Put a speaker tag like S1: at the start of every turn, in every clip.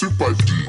S1: super D.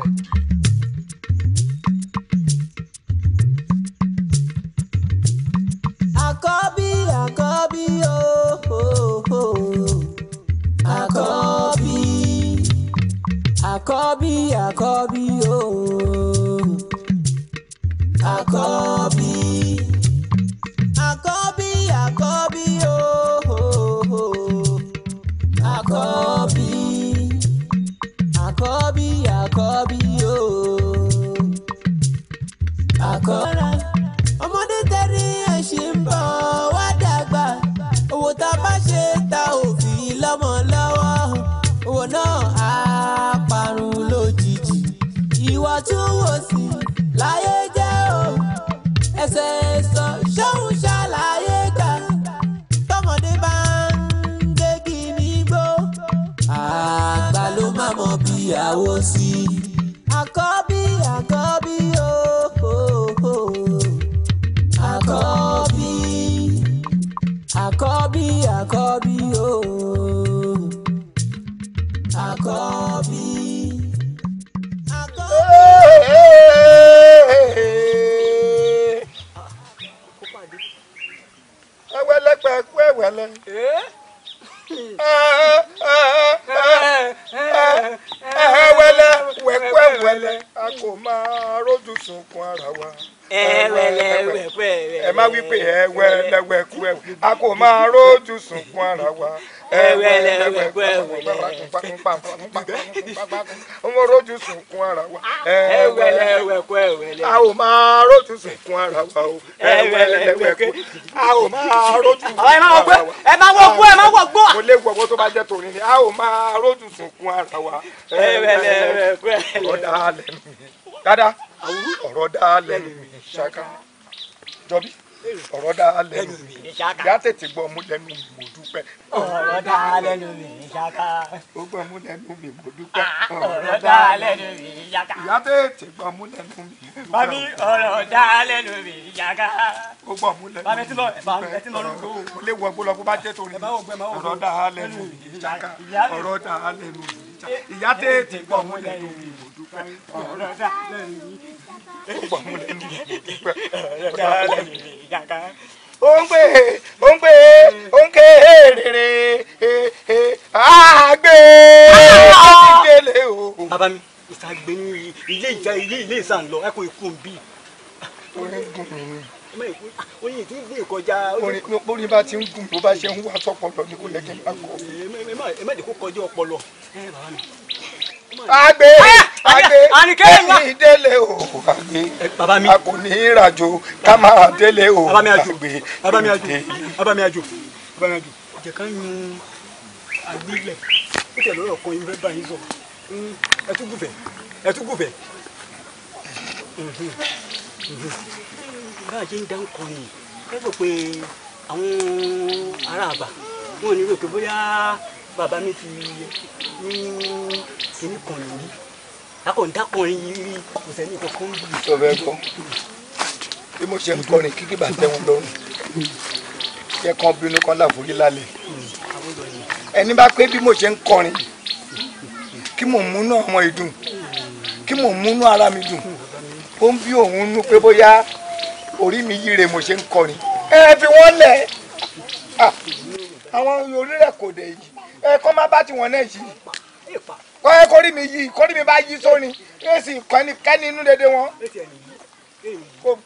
S1: lẹ́nu mi
S2: dáadáa ọ̀rọ̀ dá lẹ́nu mi ṣáká jọbí ọ̀rọ̀ dá lẹ́nu mi yá tètè gbọ́ mú lẹ́nu mi mo dúpẹ́. ọ̀rọ̀ dá lẹ́nu mi ṣáká. ó gbọ́ mú lẹ́nu mi mo dúpẹ́. ọ̀rọ̀ dá lẹ́nu mi ṣáká. yá tètè gbọ́ mú lẹ́nu mi. bami ọ̀rọ̀ dá lẹ́nu
S3: mi ṣáká.
S2: ó gbọ́ mú lẹ́nu mi. bami ẹtí lọ ẹtí lọ lóko. mo lè wọ gbọ́dọ̀ kó bá jẹ́ torí mi ọ̀rọ̀ dá lẹ́nu mi ṣáká ọ̀rọ̀ dá ó ń pè ó ń pè o. bàbá mi ìsàgbé ní ilé ìjà ilé ilé ìsàn lọ ẹ kò ikú bí. orin oyin ti ń gbìn kọjá. orin bá ti ń gùn bó bá ṣe ń wá sọpọlọ ni kò yẹ kí n bá kọ. ẹ má dé kó kọjá ọpọlọ. ẹ mi agbe
S3: agbe ẹyin
S2: délé o agbe a kò ní í rajo ká máa délé o agbe abamiajo abamiajo jẹ ká yan agbílẹ̀ ó tẹ̀ lọ́rọ̀ kan irẹ́ báyìí sọ hmm, ẹtúgùfẹ̀ ẹtúgùfẹ̀ hmm, hmm, báà jẹ́ ń dá ń kọ ni ẹ rò pé àwọn ará àbá wọn ò ní rò pé bóyá bàbá mi ti ní kíní kan lórí akọ̀ǹda kọrin yìí kò sẹ́ni kankan ń bì. sọ fẹ́ gbọ́ bí mo ṣe ń kọrin kíkí bá tẹ́ wọn lọ́rùn jẹ́ kan bínú kan láforí lálẹ́ ẹni bá pé bí mo ṣe ń kọrin kí mò ń múnú ọmọ ìdùn kí mò múnú ara mi dùn ó ń bí òun nú pé bóyá orí mi yíre mo ṣe ń kọrin ẹ fi wọ́n lẹ̀ ah, àwọn orí rẹ̀ kò dẹ̀ yìí ẹ kọ́ má bá tiwọn náà yìí kọ́ ẹ kórìí mi yìí kórìí mi bá yí sóni yóò sì kọ́ni kẹ́ni inú dédé wọn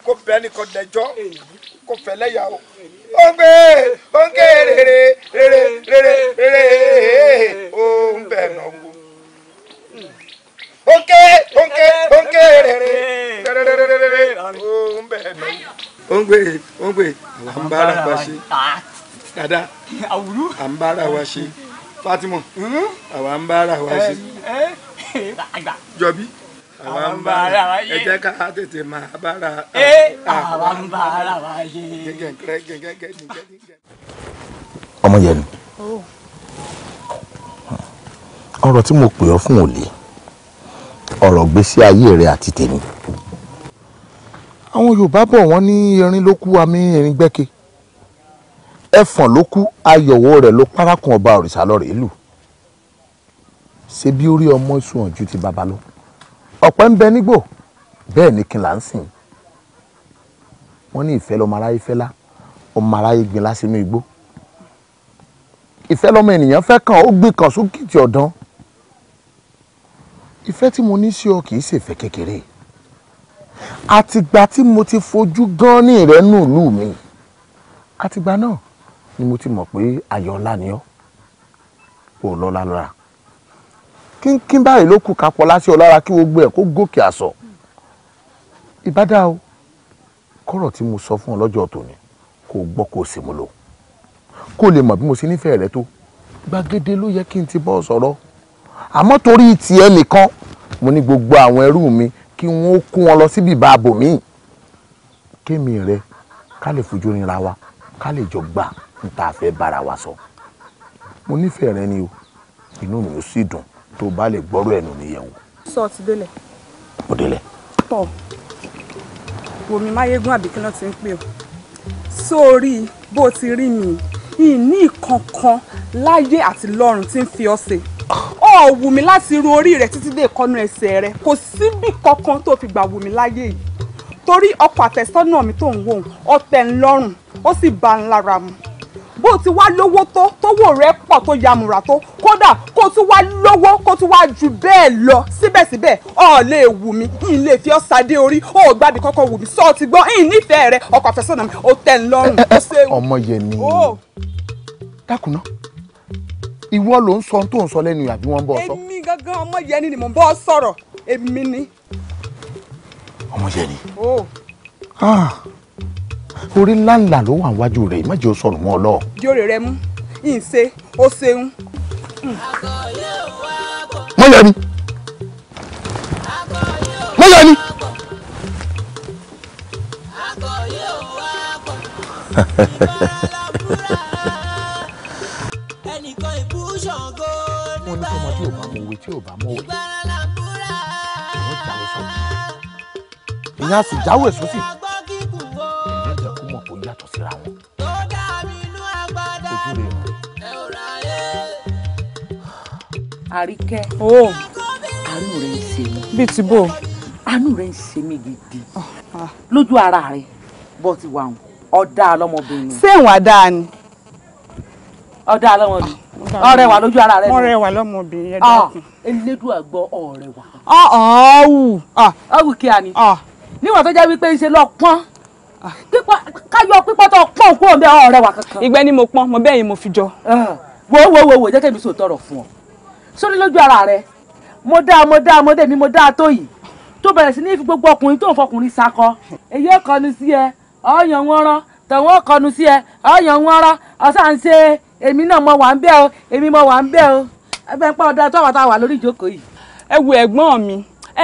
S2: kó bẹ́ẹ̀ ni kò dẹjọ́ kò fẹ́ lẹ́yà o. ó ń gbé ó ń ké rere rere rere rere ó ń bẹ̀ náà wò. ó ń ké ó ń ké ó ń ké rere rere rere rere ó ń bẹ̀ náà wò. ó ń gbé ó ń gbé à ń bára wa ṣe dada à ń bára wa ṣe. Fatima hmm? àwa ń bá ara wa ṣe jọbí àwa ń bá ara wa ṣe ẹ jẹ́ ká tètè máa bá ara
S3: àwa ń bá
S2: ara wa ṣe. ọmọ yẹn ni oh. ọ̀rọ̀ tí mo pè ọ́ fún òlé ọ̀rọ̀ gbésí ayé rẹ àti tèmi. àwọn Yorùbá bọ̀ wọ́n ní erin ló kú àmì erin gbẹ́ke ẹfọ̀n ló kú ayọ̀wọ́ rẹ̀ ló párákùn ọba òrìṣà lọ́rẹ̀ ìlú ṣe bí orí ọmọ ìṣùwọ̀n ju ti bàbá lọ ọ̀pẹ ń bẹ nígbò bẹ́ẹ̀ ni kí n là ń sìn wọ́n ní ìfẹ́ lọ́mọ aráyé fẹ́lá ọmọ aráyé gbin lásìmí igbó ìfẹ́ lọ́mọ ènìyàn fẹ́ kàn ó gbé kàn sókè tí ọ̀dán ìfẹ́ tí mo ní sí ọ kì í ṣèfẹ́ kékeré àtìgbà tí mo ti fojú gan ní ìrẹ́nù ìlú mi àtìgbà náà ni mo ti mọ̀ pé ayọ̀ ńlá ni ọ́ ò lọ́la lára kínkín báyìí ló kù ká pọ̀ láṣẹ ọlára kí gbogbo ẹ̀ kó gòkè àsọ̀ ìbádá o kọ́rọ̀ tí mo sọ fún ọ lọ́jọ́ tòní kó gbọ́ kó sì mú lò kó lè mọ̀ bí mo ṣe nífẹ̀ẹ́ rẹ tó gbàgede ló yẹ kí n ti bọ́ sọ̀rọ̀ àmọ́ torí tiẹ̀ nìkan mo ní gbogbo àwọn ẹrú mi kí wọ́n kó wọn lọ síbi ìbá abòmíì kémi rẹ ká lè fojú rinra wa ká lè jọ gbà n tá a fẹ́ bára wa sọ mo nífẹ̀ẹ́ rẹ ni o inú mi ò sì dùn tó bá lè gbọ́rọ̀ ẹnu mi yẹ̀ sọ ti délẹ̀. mo délẹ̀. tọ wo máyégún àbí ti ń pè ọ sórí bó ti rí mi ìní kankan láyé àti lọ́run tí ń fi ọ ṣe ó wù mí láti ru orí rẹ títí dé ìkọnú ẹsẹ̀ rẹ kò síbì kankan tó fi gbà wù mí láyé yìí torí ọkọ àtẹ̀sọ́nà mi tó ń wò ó tẹ́ ó sì bá ń mu bó ti wá lówó tó tówó rẹ̀ pọ̀ tó yamùrà tó kódà kó tún wá lówó kó tún wá ju bẹ́ẹ̀ lọ síbẹ̀síbẹ̀ ọ̀ lè wù mí n lè fi ọ́ sadé orí ó gbàbí kọ́kọ́ wù mí sọ ti gbọ́ n nífẹ̀ẹ́ rẹ ọkọ àfẹ́sọ́nà mi ó tẹ̀ ń lọ́rùn ó ṣe é dákúná ìwọ ló ń sọ tó ń sọ lẹ́nu àbí wọ́n ń sọ. èmi gangan ọmọ yẹni ni mò ń bọ́ sọ̀rọ̀ èmi ni. ọmọ yẹni orí ńláńlá ló wà níwájú rẹ̀ ìmọ̀jẹ̀ ó sọnù lọ. jóore rẹ mú ìṣe ó ṣeun. mo yẹ ìyá sì jáwé sósì. àríkẹ́ àánú rẹ̀ ń ṣe mí. bíi ti bò. àánú rẹ̀ ń ṣe mí gidi ah, ah. lójú ara rẹ̀ bó ti wà hùn ọ̀dà lọ́mọbìnrin. sẹ́wọ̀n àdá ni. ọ̀dà lọ́mọbìnrin
S3: ah, ọ̀rẹ́ wà lójú ara rẹ. ọ̀rẹ́ wà
S2: lọ́mọbìnrin yẹn dákun. elédùn àgbọ ọ̀rẹ́ wà.
S3: ọ̀ọ́wù. ọ̀wù kí a ni. níwọ̀n tó jẹ́ wípé ṣe lọ pọ́n
S2: káyọ̀ pípọ́ tó pọ́n kúrò ń bẹ ọ̀rẹ́ wà kankan. ìgbẹ́ ni mo pọ́n mo bẹ́ẹ̀ yẹn mo fi jọ. wo wo wo wo jẹ́ kẹ́mi sòtọ̀rọ̀ fún ọ sórí lójú ara rẹ mo dáa mo dáa mo dé mi mo dáa tó yìí tó bẹ̀rẹ̀ sí ní fi gbogbo ọkùnrin tó ń fọkùnrin sakọ èyí ó kọnu sí ẹ ọ̀yàn wọn rán tẹ̀wọ́n ó kọnu sí ẹ ọ̀yàn wọn rán ọ̀sán ṣe èmi náà mo wà ń bẹ́ o èmi mo wà ń bẹ́ o ẹgbẹ́ pẹ́ ọ̀dà tó àwọn àtàwà lórí ìjókòó yìí. ẹ wo ẹ̀gbọ́n mi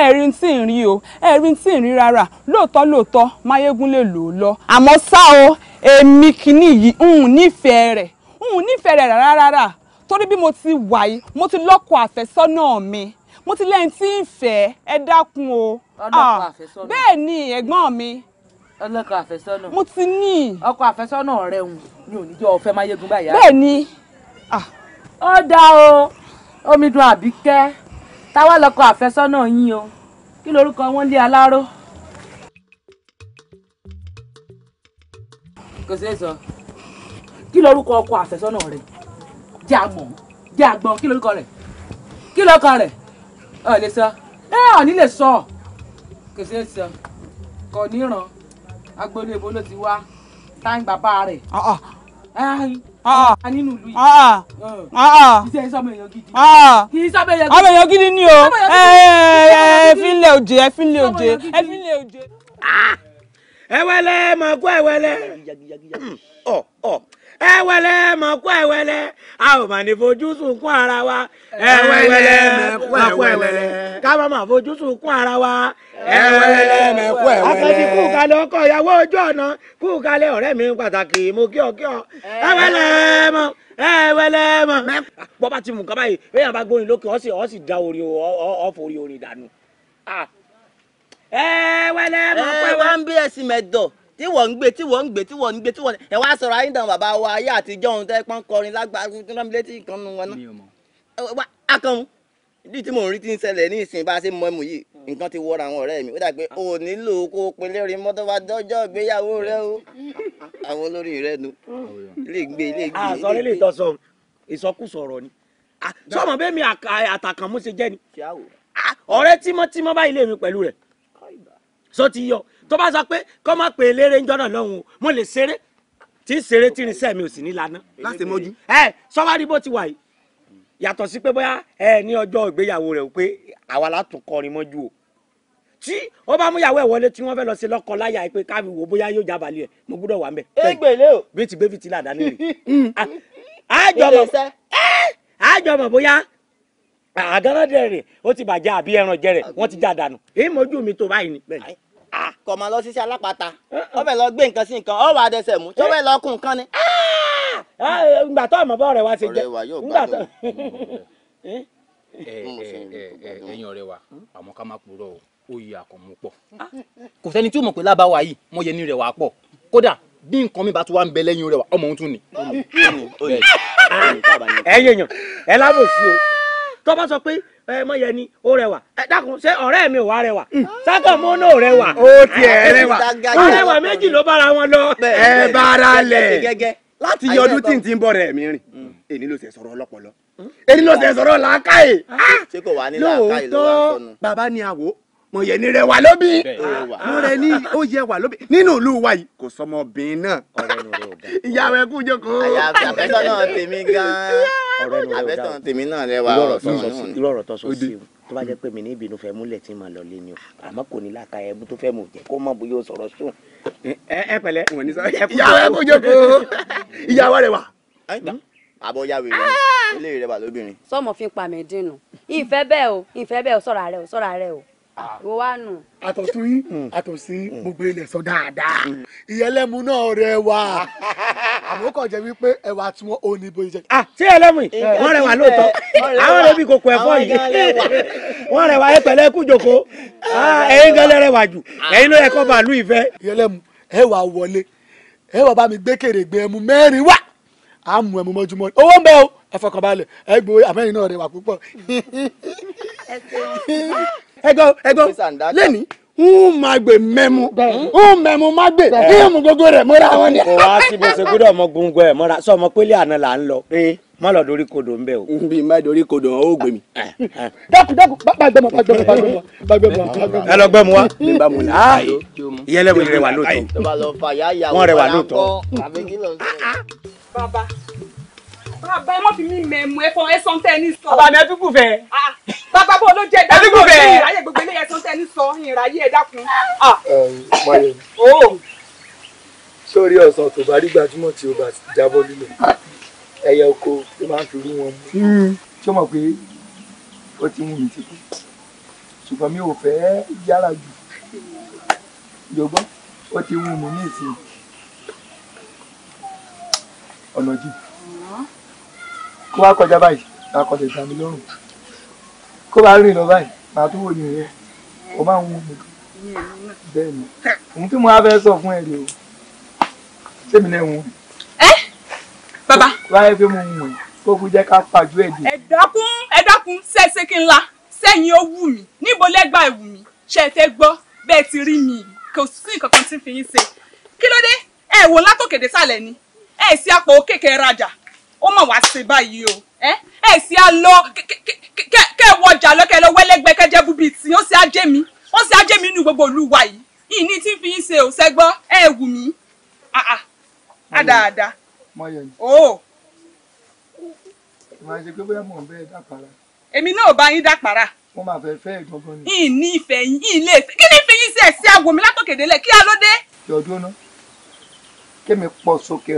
S2: ẹ̀rí tí ń rí o ẹ̀rí tí ń rí rárá lóòótọ́ lóòótọ́ máyégún lè lò ó lọ àmọ́ ṣá o èmi kìíní yìí ń nífẹ̀ẹ́ rẹ̀ ń nífẹ̀ẹ́ rẹ̀ rárá rárá torí bí mo ti wà yìí mo ti lọ́kọ àfẹ́sọ́nà mi mo ti lẹ́yìn tí ń fẹ́ ẹ dákun o. ọlọ́kọ ah, àfẹ́sọ́nà bẹ́ẹ̀ ni ẹ̀gbọ́n mi. ọlọ́kọ àfẹ́sọ́nà mo ti ní. ọkọ àfẹ́sọ́nà rẹ ń ní oníjọ ọ̀fẹ́ máyégun báyà. bẹ́ẹ̀ ni. Ah. ó dá o Omidun Àbíkẹ́ táwa lọ́kọ àfẹ́sọ́nà yín o kí lorúkọ wọn lé aláró. kò sí èso kí lorúkọ ọkọ àfẹ́sọ́nà rẹ jẹ́ àgbọ̀n jẹ́ àgbọ̀n kí lorúkọ rẹ̀ kí lorúkọ rẹ̀ ọ̀ lè sọ ẹ ọ̀ ní lè sọ kò sí sọ kò níran agbóni èbó ló ti wá táyìn bàbá rẹ̀ ah, ah. Ah, nínú ìlú yìí iṣẹ́ ìsọmọ èèyàn gidi ìsọmọ èèyàn gidi ọmọ èèyàn gidi ni o eh, eh, eh, ẹ fi ń lé òjè ẹ fi ń lé òjè ẹ fi ń lé òjè. ẹ wẹlẹ mọ kó ẹ wẹlẹ ọ ẹwẹlẹ mọkọ ẹwẹlẹ a ò mà ní fojú ara wa ẹwẹlẹ mẹkọ ẹwẹlẹ ká má má fojú ara wa ẹwẹlẹ ẹwẹlẹ. kú ọkọ ìyàwó ojú ọ̀nà kú kalẹ̀ ọ̀rẹ́ mi pàtàkì mo kí ọ kí ọ ẹwẹlẹ mọ ẹwẹlẹ mọ. bá ti mú kaba yìí bẹ́ẹ̀ yàrá bá gbóyin lókè ọ sì sì da ah. ẹ bí ẹsìn tí wọ́n ń gbé tí wọ́n ń gbé tí wọ́n ń gbé tí wọ́n ẹ̀ wá sọ̀rọ̀ ayé bàbá wa ayé àtijọ́ ohun tẹ́ pọ́n kọrin lágbára tó rán létí nǹkan nu wọn náà. akọ̀hún bí tí mò ń rí ti ń ṣẹlẹ̀ ní ìsìn bá a ṣe mọ ẹmu yìí mm. nǹkan ti wọra àwọn ọ̀rẹ́ mi ó dà pé o nílò kó o pinnu lórí mọ́tò bá dọ́jọ́ ìgbéyàwó rẹ o àwọn olórí rẹ nu ilé ìgbé lè ah, tọ́sọ ìsọkúsọ ọ̀rọ̀ ni ah, tó bá sọ pé kọ́ má pè é léré ń jọ́nà lọ́hùn o mo lè ṣeré tí ń ṣeré tí irinṣẹ́ mi ò sì ní lana. láti mọ́jú. ẹ sọ́wárí bó ti wà yìí yàtọ̀ sí pé bóyá ẹ ní ọjọ́ ìgbéyàwó rẹ̀ pé àwa látún kọrin mọ́jú o tí ó bá mú ìyàwó ẹ̀ wọlé tí wọ́n fẹ́ lọ sí lọ́kọ láyà pé káàbì wo bóyá yóò jábàálẹ̀ ẹ̀ mo gbúdọ̀ wà mẹ́. ẹ gbèlè o. bí ti bébí ti là dání rè. àjọmọ̀ àjọmọ̀ bóyá àgànàdẹ̀ rẹ̀ ó ti bàjẹ́ àbí ẹran jẹ wọ́n ti já dànù. èyí mọ́jú mi tó báyìí ni. Ah, kò máa lọ ṣiṣẹ́ alápàtà uh-uh. ó fẹ́ lọ gbé nǹkan sí nǹkan ó wà á dẹsẹ̀ mú tó eh? lọ kún nǹkan ni. Ah! Ah, eh, tó àmọ́ ọ̀rẹ́ wa ṣe jẹ́ tó. Eh, ẹyin ọrẹ wa ká má o ó yẹ àkànmú pọ. kò sẹni tí ó mọ̀ pé yìí yẹ ní rẹ̀ á pọ̀ kódà bí nǹkan mi bá tún wá ń bẹ lẹ́yìn rẹ̀ ọmọ òun tún ni. ẹ mọ yẹn ni ó rẹwà ẹ dákun ṣé ọ̀rẹ́ mi ò wá rẹwà hmm. sákà mọ náà rẹwà. ó tiẹ̀ rẹwà rẹwà méjì ló bára wọn lọ. ẹ bára lẹ̀ láti yọ ọdún tí n ti ń bọ̀ rẹ̀ mi rìn hmm. èyí ló ṣe sọ̀rọ̀ ọlọ́pọ̀lọ́ èyí ló ṣe sọ̀rọ̀ làákàyè. Ah. ṣé kò wá ní làákàyè ló wà sọnù. lóòótọ́ bàbá ni àwò mo yẹ ní rẹ wà lóbi mo rẹ ní ó yẹ wà lóbi nínú ìlú wa yìí kò sọmọbìnrin náà ìyàwó ẹkú jókòó. àyàfẹ́ àfẹ́sọ́nà tèmi gan-an ọ̀rọ̀ ẹnu rẹ̀ ọ̀dà tèmi náà lẹ́wà ọ̀rọ̀ tó sọ sí irú ọ̀rọ̀ tó sọ sí o tó bá jẹ́ pé mi ní ìbínú fẹ́ múlẹ̀ tí mà lọ lé ni o àmọ́ kò ní láka ẹbú tó fẹ́ mú jẹ́ kó mọ̀ bóyá o sọ̀rọ̀ sùn. ẹ pẹ̀lẹ́ wọn ní sọ ẹ kú ìyàwó ẹ kú jókòó ìyàwó rẹ wà. àbọ̀ ya wèrè ni ah! ilé rẹ wà lóbìnrin. sọmọ fi ń pa mí dínú ìfẹ́ bẹ́ẹ̀ o ìfẹ́ bẹ́ẹ̀ o sọ̀rọ̀ rẹ o sọ̀rọ̀ rẹ o ah. ìwọ wá nù. àtọ̀tún yín hmm. àtọ̀sí hmm. gbogbo ilẹ̀ sọ dáadáa hmm. ìyẹlẹ́mu náà rẹwà. àmọ́ kàn jẹ́ wípé ẹ̀wà tí wọ́n ò ní bo ìjẹ. ṣé ẹlẹ́mì wọ́n rẹwà lóòótọ́ àwọn ẹbí kòkó ẹ̀fọ́ yìí wọ́n rẹwà ẹ pẹ̀lẹ́ kú jòkó ah, ẹ̀yin gẹ́lẹ́ rẹwà jù ẹ̀yin ló yẹ kọ́ bàálù ìfẹ́. ìyẹlẹ́mu ẹ̀wà wọlé ẹ̀wà bá mi gbé kèrègbè ẹmu mẹ́rin wá àmú ẹmu mọ́júmọ́ owó ń bẹ o ẹ fọkàn balẹ̀ náà rẹwà púpọ̀. ẹgbẹ́ ẹgbẹ́ lẹ́nìí n máa gbé mẹ́mu n mẹ́mu máa gbé n mú gbogbo rẹ̀ mọ́ra wọn ni. kò wá sí bó ṣe gbọ́dọ̀ mọ gbogbo ẹ̀ mọ́ra sọ ma pélé àná là ń lọ má lọ dorí kodò ń bẹ o. n bí má dorí kodò hàn ó gbé mi. Eh, eh. dákun dákun bá gbẹmọ bá gbẹmọ bá gbẹmọ bá gbẹmọ. ẹ lọ gbẹmú wa ah, ìyẹlẹwìn rẹ wà lóòótọ́ wọn rẹ wà lóòótọ́. Ah, ah. bàbá bàbá ẹ mọ́ fi mí mẹ́mu ẹ fọ ẹsán tẹ́ ní sọ. bàbá mi ẹ dúkù fẹ. Ah, bàbá bò ló jẹ dákun ní ìráyè gbogbo ilé ẹsán tẹ́ ní sọ ìráyè ẹ dákun. Ah. sórí oh. ọ̀sán tó bá rí gbajúmọ̀ tí o bá jábọ́ lílẹ̀ ẹyẹ oko tó máa ń fi rú wọn mú. Hmm. ṣé o mọ̀ pé ó ti mú mi ti kú ṣùgbọ́n mi ò fẹ́ yára jù jọgbọ́n ó ti mú mi ní ìsìn ọ̀nà jù kó wá kọjá báyìí máa kọsẹ̀ gbà mí lọ́rùn kó bá rìn lọ báyìí máa tún wò rẹ ó máa ń wù mí bẹ́ẹ̀ ni òun tí mo á fẹ́ sọ fún ẹ rè o sẹ́mi náà wù. ẹ bàbá. láyé pé mo wù ẹ kó kú jẹ́ ká pàjọ ẹ̀ dé. ẹ dákun ẹ dákun ṣẹ́ẹ́ṣẹ́ kí n la sẹ́yìn ó wù mí níbo lẹ́gbà ẹ̀wù mí ṣe fẹ́ gbọ́ bẹ́ẹ̀ ti rí mi kò sí nǹkan kan tí ń fi yín ṣe kí ló dé ẹ wò látòkèdè sàlẹ̀ ni ẹ sí àpò kékeré rajà ó mà wá ṣe báyìí o ẹ ẹ sì á lọ kẹ ẹ wọjà lọ kẹ ẹ lọ wẹlẹgbẹ kẹjẹ búbi tí ó sì á Si mí ó sì á jẹ mí nínú gbogbo ìlú wa yìí yìí ní tí ń fi yín ṣe òṣègbọ ẹ wù mí àdàdà o. màá ṣe pé bóyá mò ń bẹ́ẹ̀ dàpàrà. èmi náà ò bá yín dàpàrà. wọ́n máa fẹ́ fe ìgbọ́ngàn ni. yìí ní fe yín yìí lè kí ni ìfẹ́ yín sí ẹ̀ sí àgọ́ mi látòkèdélẹ̀ kí á ló dé. yọ̀dún náà kémi pọ̀ sókè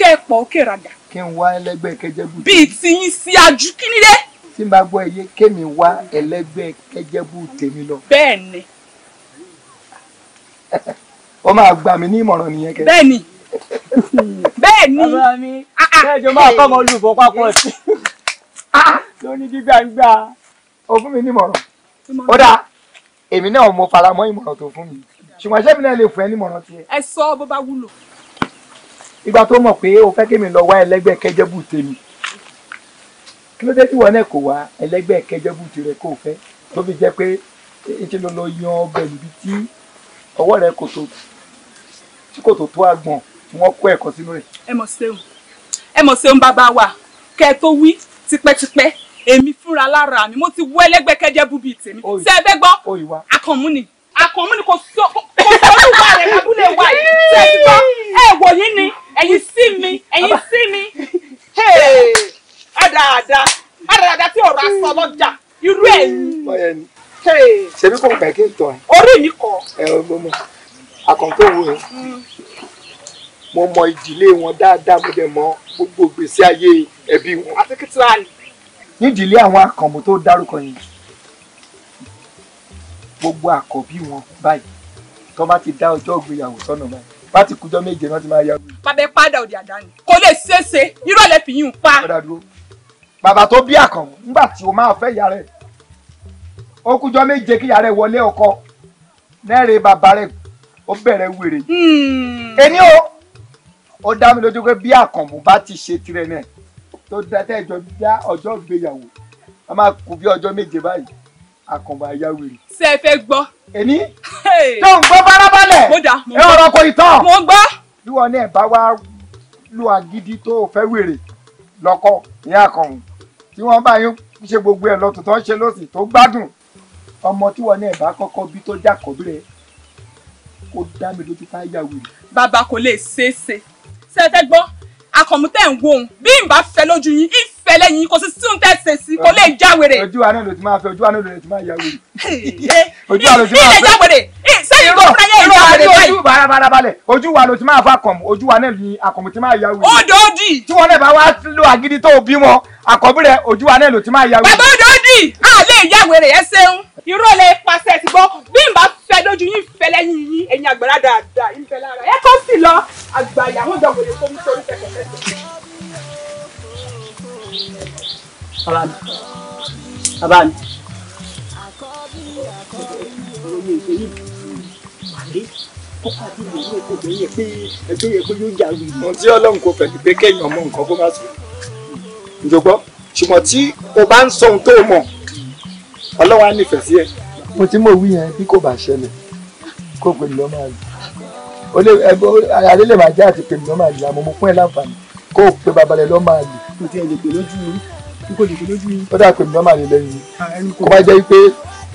S2: kẹ́ẹ̀pọ̀ òkè ràdà. kí n wá ẹlẹgbẹ́ kẹjẹbùtì. bíi tiyín sí ajú kílílé. tí n bá gbọ́ ẹyẹ kémi wá ẹlẹgbẹ́ kẹjẹbù tèmi lọ. bẹ́ẹ̀ ni. ó máa gbà mí ní ìmọ̀ràn nìyẹn kẹ. bẹ́ẹ̀ ni bẹ́ẹ̀ ni. bàbá mi ah, ah. bẹ́ẹ̀ jọ máa kọ́ ọmọ olùfọ́ papọ̀ sí i. Ah, lóní gbígbàgbà ó fún mi ní ìmọ̀ràn ó dáa èmi náà mo fara mọ́ ìmọ̀ràn tó fún mi ṣùgbọ́n ṣé mi náà lè fún ẹ ní ìmọ̀ràn tiẹ̀. ẹ sọ bó bá wúlò ìgbà tó mọ̀ pé o fẹ́ kémi lọ wá ẹlẹ́gbẹ́ kẹjọ́bù tèmi kí ló dé tí wọn náà kò wá ẹlẹ́gbẹ́ kẹjọ́bù tirẹ̀ kó o fẹ́ tó fi jẹ́ pé ètò ló lọ yan ọbẹ̀ níbi tí ọwọ́ rẹ kò tó tí kò tó tó àgbọ̀n tí wọ́n kó ẹ̀kọ́ sínú rẹ̀. ẹ mọ̀ ṣeun ẹ mọ̀ ṣeun bàbá wa kẹ́ ẹ tó wí tipẹ́tipẹ́ èmi fúnra lára mi mo ti wọ ẹlẹ́gbẹ́ kẹjọ́bù bíi tèmi ṣe é fẹ́ gbọ́ àkànmú ni àkànmú ni kò sọ olúwa rẹ̀ abúlé wa yìí ṣe ti gbọ́
S3: ẹ wò yín ni ẹ̀yin sí mi ẹ̀yin sí mi àdàdà àdàdà tí ọ̀rọ̀ aṣọ ọlọ́jà irú ẹ̀ ni.
S2: ṣebí kò pẹ́ kí n tọ́ ẹ. orí mi kọ. ẹ ọ mo mọ àkàntó wo ẹ mo mọ ìdílé wọn dáadáa mo dẹ̀ mọ gbogbo ìgbésí ayé ẹbí wọn. àti kìtìlá ni. nídìílé àwọn akànmú tó dárúkọ yìí gbogbo àkọ́bí wọn báyìí tó bá ti dá ọjọ́ ìgbéyàwó sọ́nà báyìí bá ti kújọ́ méje náà ti máa yá.
S3: bàbá ẹ padà òde àdáni
S2: kò lè ṣeéṣe nírọ̀lẹ́ fi yín pa. bàbá tó bí àkànwò nígbà tí o máa fẹ́ ìyá rẹ̀ ó kújọ́ méje kí ìyá rẹ̀ wọlé ọkọ lẹ́rìí bàbá rẹ̀ ó bẹ̀rẹ̀ wèrè. ẹni hmm. o ó dá mi lójú pé bí àkànwò bá ti ṣe tirẹ̀ náà tó dá tẹ́jọ́ dá ọjọ́ ìgbéyàwó a máa kú bí ọjọ́ méje báyìí àkànbá ayáwèrè. ṣé ẹ fẹ́ gbọ́. èmi tó ń gbọ́ bálábálẹ̀ ẹ ọ̀rọ̀ kò ì tán. mo gbọ́. bí wọn ní ẹ bá wá lu àgídí tó o fẹ́ wèrè lọ́kọ̀ ní àkànwò tí wọ́n bá yín ṣe gbogbo ẹ̀ lọ́tún tó ń ṣe lọ́sìn tó gbádùn ọmọ tí wọn ní ẹ bá kọ́kọ́ bí tó jà kọ́ bí rẹ̀ kó dá mi lójú ká yà wèrè. bàbá kò lè ṣeé ṣe ṣé ẹ fẹ́ gbọ́ àkànmú tẹ̀ ń wo òun bí n bá fẹ́ lójú yín ìfẹ́ lẹ́yìn kò sí sísun tẹ̀ ṣe sí kò lè jáwèrè. ojú àná ló ti máa fẹ́ ojú àná ló ti máa yà wèrè. ojú àná ló ti máa fẹ́ ilé jáwèrè sẹ́yìn kò fúnra yẹn jáwèrè báyìí. ojú barabarabale ojú wa ló ti máa fa àkànmú ojú wa náà ni àkànmú ti máa yà wèrè. odò òdì. tí wọn náà bá wá lo àgídí tó o bímọ àkọ́bí rẹ ojú wa náà ló ti máa yà wèrè. bàbá odò
S3: òdì fẹ́ lójú yín fẹ́ lẹ́yìn yín ẹ̀yin àgbàrá dáadáa yín fẹ́ lára ẹ kó sì lọ
S2: àgbà ìyàwó ìjọ wòlé fún mi sórí fẹsẹ̀fẹsẹ̀. bàbá mi mi omi ìgbéyìí ọlọ́run kò fẹ̀lú pé kéèyàn mọ nǹkan kó má sọ ìjọgbọ́n ṣùgbọ́n tí o bá ń sọ ohun tó mọ̀ ọlọ́run á nífẹ̀ẹ́ sí ẹ mo ti mọ̀ wí yẹn bí kò bá ṣẹlẹ̀ kó pè mí lọ́mọ àlè olè ẹgbẹ́ alẹ́ lè máa jẹ́ àti pè mí lọ́mọ àlè àmọ́ mo fún ẹ láǹfààní kó o pe babalẹ̀ lọ́mọ àlè. kò tiẹ̀ lè pè lójú mi kò lè pè lójú mi. ó dà pè mí lọ́mọ àlè lẹ́yìn mi kó bá jẹ́ pé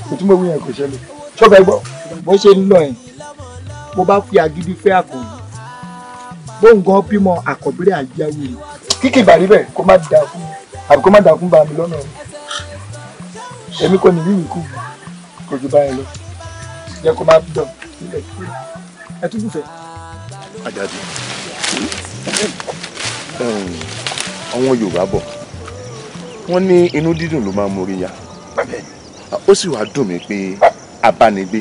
S2: kò tí mo wí yẹn kò ṣẹlẹ̀ ṣọ́fẹ́ gbọ́ bó ṣe ń lọ yẹn mo bá fi àgídí fẹ́ àkànbí bóun gan bímọ àkànbí rẹ̀ àjẹwò yìí kíkì ìbàrí bẹ́ẹ̀ kó má dà fún àbí kó má dà fún bàmí lọ́nà èmi kò ju báyìí lọ jẹ́ kó má dàn nílẹ̀ ẹ tún bùfẹ́. Àjàdí àwọn Yorùbá bọ̀ wọ́n ní inú dídùn ló máa ń mórí ya ó sì wá dùn mí pé abánigbé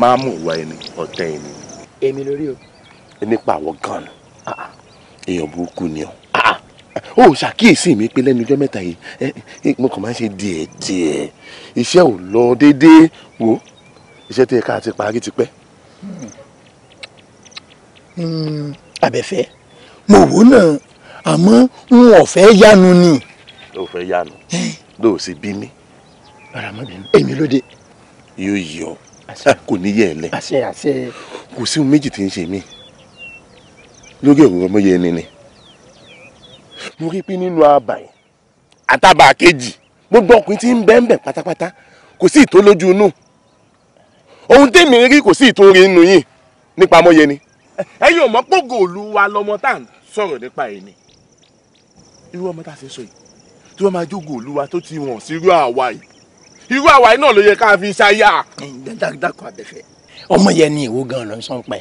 S2: máa mú ìwà ẹni ọ̀tẹ̀ ẹni. èmi lórí o. èmi pa àwọn gan-an ah, ah. èèyàn burúkú ni o. o oh, ṣàkíyèsí mi pé lẹ́nu ọjọ́ mẹ́ta yìí mo kàn máa ń ṣe díẹ̀díẹ̀ iṣẹ́ ò lọ déédéé wo iṣẹ́ tó yẹ ká ti parí ti pẹ́. àbẹ̀fẹ́ hmm, mo wò náà àmọ́ n ò fẹ́ yánu ni. o fẹ́ yánu ló sì bí mi. èmi ló dé. yóò yọ kò ní yẹ ẹ lẹ kò sí ohun méjì tí ń ṣe mí lórí òun ọmọ yẹn ni ni mo rí i pé nínú abàyìn àtàbà kejì gbogbo ọkùnrin tí ń bẹ́ẹ̀ bẹ́ẹ̀ pátápátá kò sí ìtó lójú inú ohun tèmi rí kò sí ìtó rí inú yìí nípa amóye ni. ẹ̀yin ò mọ̀ pògò òlu wa lọmọ tá à ń sọ̀rọ̀ nípa ẹ̀ ni irú ọmọ tá a ṣe sọ yìí tí wọ́n máa jógo òlu wa tó ti wọ̀n sí irú àwa yìí irú àwa yìí náà ló yẹ ká fi ṣáyà. dákun abẹ́fẹ́ ọmọ yẹn ni ìwọ gan-an ló ń sọ pẹ́.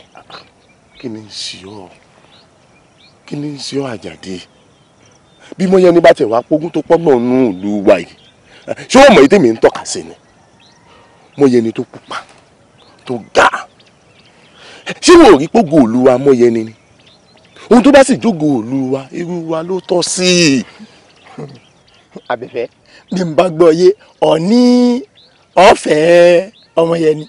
S2: kí ni ń ṣe ọ kí ni ń ṣe ọ àjàdí bí mo yẹn ní bá tẹ̀ wá pógún tó pọ́gbọ̀n nù ìlú wa yìí ṣé o mọ̀ èyí tèmi ń tọ́ka sí ni mo yẹn ni tó pupa tó ga ṣé wò rí pógo ìlú wa mo yẹn ni ohun tó bá sì jógo ìlú irú wa ló tọ́ sí i. àbẹ̀fẹ́ bí bá gbọ́ yé ọ̀ní ọ̀fẹ́ ọmọ yẹn ni.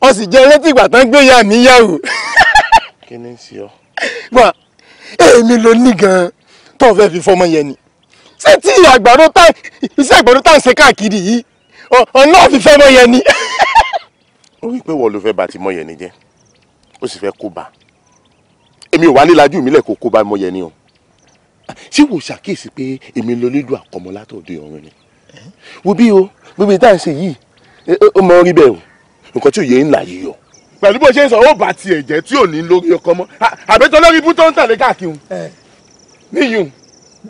S2: ọ sì jẹ́ létí ìgbà tán gbé yà níyàwó kí ni sí ọ. gbọ́n èmi ló ní gan-an tó fẹ́ fi fọmọ yẹn ni ṣé tí àgbàdo tá iṣẹ́ àgbàdo tá ń ṣe káàkiri yìí ọ̀nà òfìfẹ́ mọ yẹn ni. ó wí pé wọ́n ló fẹ́ bá ti mọ yẹn ni jẹ́ ó sì fẹ́ kó bá èmi ò wá nílájú mi lẹ́kọ̀ọ́ kó bá mọ yẹn ni o ṣé wò ṣàkíyèsí pé èmi ló lédu àkọmọ látọ̀dọ̀ ìrọ̀rùn ni wo bí o gbogbo ìta ń ṣe yìí ó mọ orí bẹ́ẹ̀ o nǹkan tí ò ń là yìí yọ pẹ̀lú bó ṣe ń sọ ó bá tiẹ̀ jẹ́ tí ò ní lórí ọkọ mọ́ àbẹ́tọ́ lórí ibú tó ń tẹ̀lé káàkiri níyùn.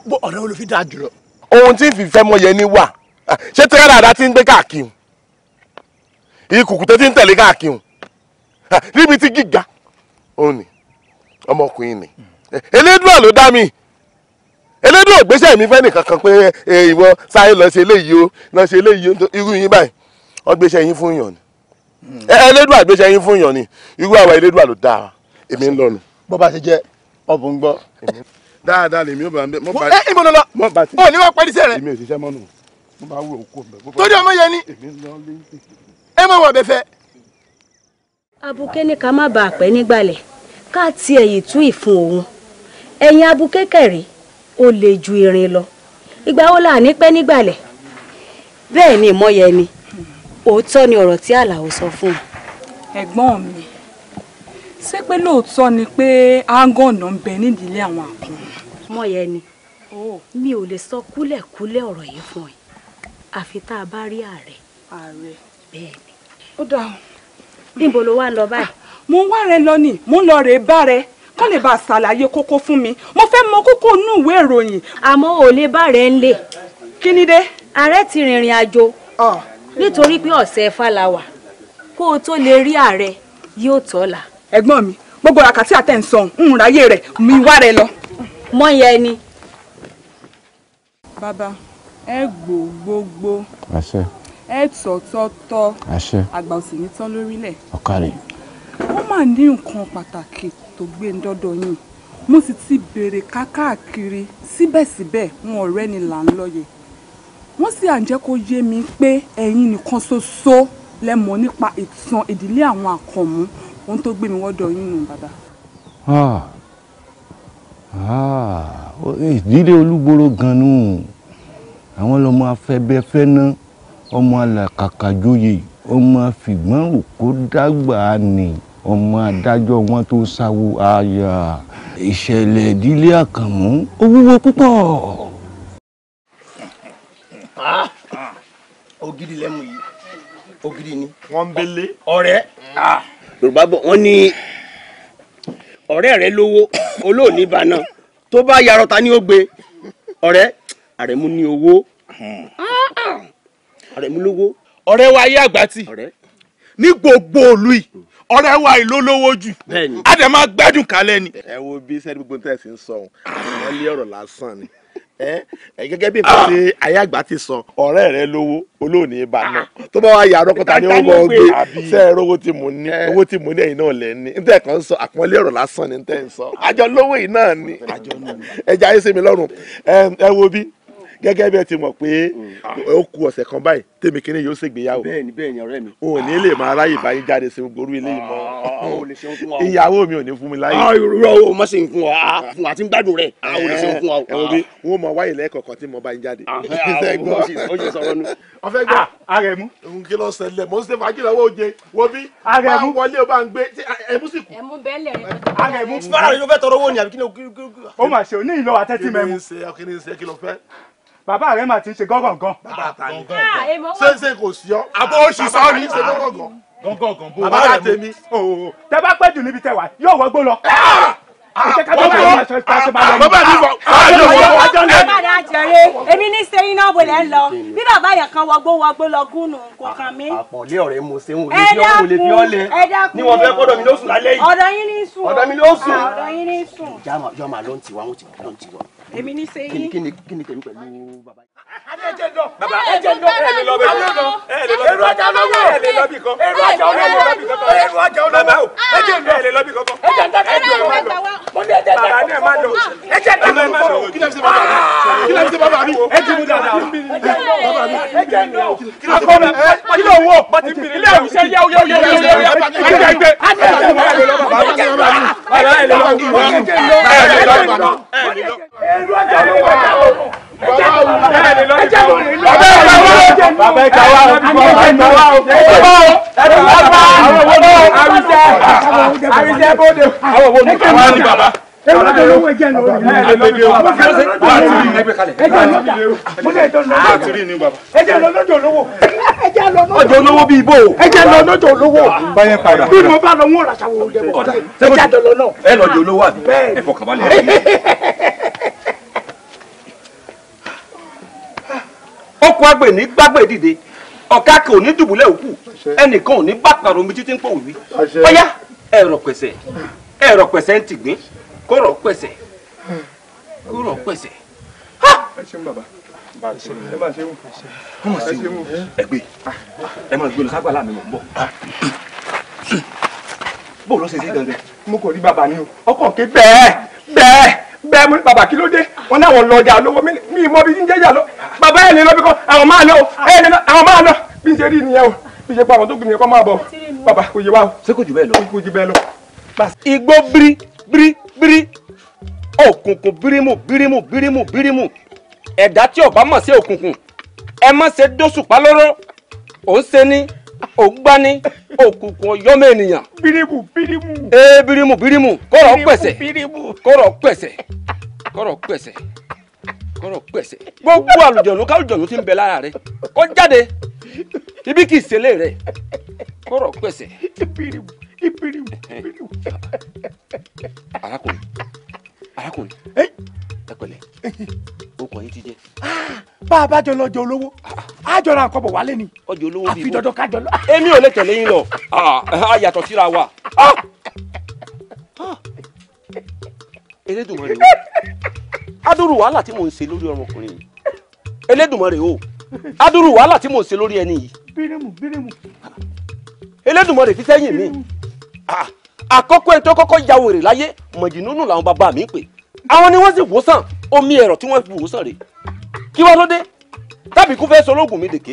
S2: bó ọ̀rẹ́ wo ló fi dáa jùlọ. ohun tí fìfẹ́ mọ yẹn ní wà ṣé tírádàdà ti ń gbé káàkiri ikùkù tó ti ń tẹ̀lé káàkiri níbi tí gíga òun ni ọmọkùnrin ni hmm. elédùn ló dá mi elédùn ògbésẹ̀ mi fẹ́ nìkan kan pé ìwọ sáré lọ ṣe eléyìí o lọ ṣe eléyìí ẹlẹ́dùà gbé sẹ́yìn fún yàn ni irú àwa ẹlẹ́dùà ló dáa èmi ń lọ́nu. bó bá ṣe jẹ ọ̀bùn ń gbọ́. dáadáa lèmi ò bá ń bẹ. ẹ ìmọ̀ lọ lọ ọ ní wàá pẹ́ dísẹ́ rẹ. èmi ò ṣiṣẹ́ mọ́nù mo bá wúrò kó bẹ̀. torí ọmọ yẹn ni ẹ mọ̀ wọ̀ bẹ́fẹ́. abuké ní ká má bà á pẹ́ nígbàlẹ̀ ká tiẹ̀ yìí tú ìfun òun ẹ̀yin abuké kẹ̀rí ó le ju irin lọ ìgbà wo là ní pẹ́ nígbàlẹ̀ bẹ́ẹ̀ ni ìmọ̀ yẹn ni òótọ́ ni ọ̀rọ̀ tí àlàó sọ fún un. ẹ̀gbọ́n mi ṣé pé lóòótọ́ ni pé áńgọ̀nà ń bẹ nídìílé àwọn àkùn. mọ yẹn ni oh. mi ò lè sọ kúlẹ̀kúlẹ̀ ọ̀rọ̀ yìí fún ẹ àfi tá a bá rí ààrẹ. ààrẹ bẹ́ẹ̀ ni. ó dáa. níbo ló wá ń lọ báyìí. Ah, mo ń wá rẹ lọ ni mo ń lọ rè bá rẹ kán lè bá a ṣàlàyé kókó fún mi mo fẹ́ mọ kókó inú ìwé ìròyìn. àmọ́ ò rẹ̀ ń lè. kí ni dé. ààrẹ ti rìnrìn àjò. ọ̀ ah nítorí pé ọ̀sẹ̀ fàlàwà kó o tó lè rí ààrẹ yóò tọ́la. ẹ̀gbọ́n mi gbogbo àkàtì àtẹ̀sán ń ráyè rẹ̀ mi wá rẹ lọ. mọ yẹn ni.
S3: bàbá ẹ
S2: gbò gbogbo ẹ tọ̀ tọ̀ tọ̀ àgbà òsì ní tán lórílẹ̀. ọ̀kàrẹ̀. wọ́n máa ní nǹkan pàtàkì tó gbé ń dọ́dọ̀ yìí mo sì ti béèrè káàkiri síbẹ̀síbẹ̀ wọn ọ̀rẹ́ ni là ń lọ́yẹ̀ẹ́ wọ́n sì à ń jẹ́ kó yé mi pé ẹ̀yin nìkan ṣoṣo lẹ mọ̀ nípa ìtàn ìdílé àwọn àkànmú ohun tó gbé mi wọ́dọ̀ yín nù bàbá. Ah. Ah. Eh, ìdílé olúgbòrò ganu àwọn lọmọ afẹbẹfẹ náà ọmọ alàkàkàjòyè ọmọ fìgbọ́n òkó dàgbà ni ọmọ adájọ́ wọn tó sáwó àyà ìṣẹ̀lẹ̀ ìdílé àkànmú ó wúwo púpọ̀ ògidì ah. ah. lẹ́mu yìí ògidì ni. wọ́n ń belé. ọ̀rẹ́ ah. yorùbá bọ̀ wọ́n ní ọ̀rẹ́ rẹ lówó olóòní bana tó bá yarọta ni ó gbé ọ̀rẹ́ àrẹ̀mú ní owó àrẹ̀mú lówó. ọ̀rẹ́ wa ayé àgbà ní gbogbo òlu yìí ọ̀rẹ́ wa ìlólówó jù a dẹ̀ máa gbádùn kálẹ̀ ni. ẹ wo bí sẹ́ni gbogbo tẹ̀sí ń sọ ọ̀hún àwọn ilé ọ̀rọ̀ lásán ni gẹ́gẹ́ bí nǹkan tí ayé àgbà ti sọ ọ̀rẹ́ rẹ lówó olóòní ibà náà tó bá wà yà rọ́kọ̀tà ni ó mọ̀ ọ́ gbé sẹ́ ẹ̀rọ owó tí mo ní owó tí mo ní ẹ̀yìn náà lẹ́ ní níta ẹ̀kan ń sọ àpọ́nlé ọ̀rọ̀ lásán ni níta ẹ̀ ń sọ àjọ lówó yìí náà ni ẹja ayé sẹ́mi lọ́rùn ẹ wo bí gẹ́gẹ́ bí ẹ ti mọ̀ pé mm. ah. ó ku ọ̀sẹ̀ kan báyìí tèmi kìíní yóò ṣègbéyàwó. bẹ́ẹ̀ni bẹ́ẹ̀ni ọ̀rẹ́ mi. o ò ní lè máa ráyè ah. báyìí jáde sí gbogbo ilé yìí mọ́. Ah, ìyàwó mi ò ní fún mi láyè. irọ́ o má ṣe ń fún wa fún wa tí ń gbádùn rẹ̀ a lè ṣe ń fún wa. ẹ wo bí mọ wáyé lẹ́ẹ̀kọ̀ọ̀kan tí mo bá ń jáde. ọfẹ gbà arẹmú. n kí ló ṣẹlẹ̀ mo ń ṣe fàájì lọ́wọ́ oje wo bí. arẹmú bá wọlé o bá ń gbé ẹmú sì kù. ẹmú bẹ́ẹ̀lẹ̀ arẹmú. fúnra rẹ̀ ló fẹ́ tọrọ owó ni àbí kí ni o. ó mà ṣe o ní ìlọ àtẹ́tí mẹ́mu. kí ni ń ṣe kí ló fẹ́ bàbá rẹ mà ti ń ṣe gángangan. bàbá ta ni ah, ṣé ṣe kò sí ọ. àbọ̀ oṣù sọ́ọ̀rì ń ṣe gángangan. gángangan bó bàbá rẹ tèmi. tẹ bá pẹ́ jù níbi tẹ wà yóò wọgbó lọ. Ah! Ah! bàbá mi wọ
S3: bàbá dà jẹrẹ èmi ní sẹ́yìn náà wọlé ń lọ bí bàbá yẹn kan wọgbó wọgbó lọ gúnnù kò kàn mí. àpọ̀lé
S2: ọ̀rẹ́ mo ṣe ń wò lé bí ó lè bí ó lè ní wọn fẹ́ kọ́dọ̀ mi ló sùn lálẹ́ yìí. ọ̀dọ̀
S3: yín ní sùn. ọ̀dọ̀ mi ló sùn. ọ̀dọ̀ yín ní sùn.
S2: jọ́mà ló ń tiwa ló ń tiwa èmi ní sẹ́yìn. kí ni kí ni tèmi pẹ̀lú bàbá
S3: yìí. ẹ jẹ́
S2: dọ̀ bàbá ẹ jẹ́ dọ̀ ẹ lè lọ bẹ̀ kọ́ ẹ lè lọ bẹ̀ kọ́ ẹ lè lọ bẹ̀ kọ́ ẹ lè lọ bẹ̀ kọ́ ẹ lè lọ bẹ̀ kọ́ bàbá o ẹ jẹ́ dọ̀ ẹ lè lọ bẹ̀ kọ́
S3: ẹ jẹ́ dọ̀ ẹ jẹ́ dọ̀
S2: mo ní ẹ jẹ́ dọ̀ bàbá ní ẹ má dọ̀ ẹ jẹ́ dọ̀ ẹ má dọ̀ kí lè fi ṣe bàbá mi ẹ jẹ́ dọ̀ bàbá mi ẹ lè
S3: lọ bàbá ẹ lè
S2: lọ irú ọjà ló wà láwọn
S3: ẹjẹ lọ ẹjẹ ló bíi mo bá lọ ń wọ́n wò ó lẹ́wọ̀
S2: ẹjẹ lọ lọ́nà ẹ lọ́jọ́ lówó àbí ẹ fọkànbalẹ̀. ó kún agbè ní gbàgbé dìde ọ̀ká kì ò ní dùbúlẹ̀ òkú ẹnìkan ò ní bá pàrọ̀ omi títí ń pò wí. bóyá ẹ̀rọ pẹ̀sẹ̀ ẹ̀rọ pẹ̀sẹ̀ ń tìgbín kó rọ̀ pẹ̀sẹ̀ kó rọ̀ pẹ̀sẹ̀. ẹ ṣeun bàbá ẹ máa ṣeun ẹ ṣeun ẹ gbé ẹ máa gbé lọ ságbàlá mi mò ń bọ̀ bó lọ ṣe ṣe dandan. mo kò rí bàbá ni o ọkọ̀ ké bẹ́ẹ̀ bẹ́ẹ̀ ẹ mú bàbá kí ló dé wọn náà wọn lọ ọjà lọ́wọ́ mi mọ bí jíjẹjà lọ bàbá ẹ lè lọ bí kọ àwọn máa lọ ẹ lè lọ àwọn máa lọ bí n ṣe rí nìyẹn o bí n ṣe pa àwọn tó gùn yẹn kọ máa bọ bàbá kò yẹ wá o. ṣé kò jù bẹ́ẹ̀ lọ. kò jù bẹ́ẹ̀ lọ. igbó biri biri biri òkùnkùn birimu birimu birimu birimu ẹ̀dá tí ọba mọ̀ sí òkùnkùn ẹ má ṣe dóṣùpá lọ́rọ́ òun ṣe ní ògbani òkùnkùn ọyọmọ ènìyàn. birimu birimu. ee birimu birimu kọrọ pẹsẹ kọrọ pẹsẹ kọrọ pẹsẹ kọrọ pẹsẹ gbogbo àlùjọ̀nù kálùjọ̀nù ti ń bẹ lára rẹ kó jáde ibi kì í ṣẹlẹ̀ rẹ kọrọ pẹsẹ. birimu birimu birimu. arákùnrin arákùnrin ẹ pẹ̀lẹ́ okùn yìí ti jẹ. Ah, bá a bá jọ lọ jẹ olówó a jọ ra àkọ́bọ̀ wálé ni ọjọ́ olówó bíi bó àfi dandan ká jọ lọ. èmi ò lè tẹ̀lé yín lọ ah, a yàtọ̀ síra wa. Ah! Elédùmarè o adúrú wàhálà tí mò ń ṣe lórí ọmọkùnrin yìí Elédùmarè o adúrú wàhálà tí mò ń ṣe lórí ẹni yìí. bírèmù bírèmù. Elédùmarè fi sẹ́yìn mi àkọ́kọ́ ẹni tó kọ́kọ́ ya wèrè láyé mọ̀jìnnú làwọn bàbá mi ń pè àwọn ni wọ́n sì wò sàn omi ẹ̀rọ tí wọ́n fi wò sàn rè kí wọ́n ló dé tàbí kó fẹ́ sọ ológun mi dèké.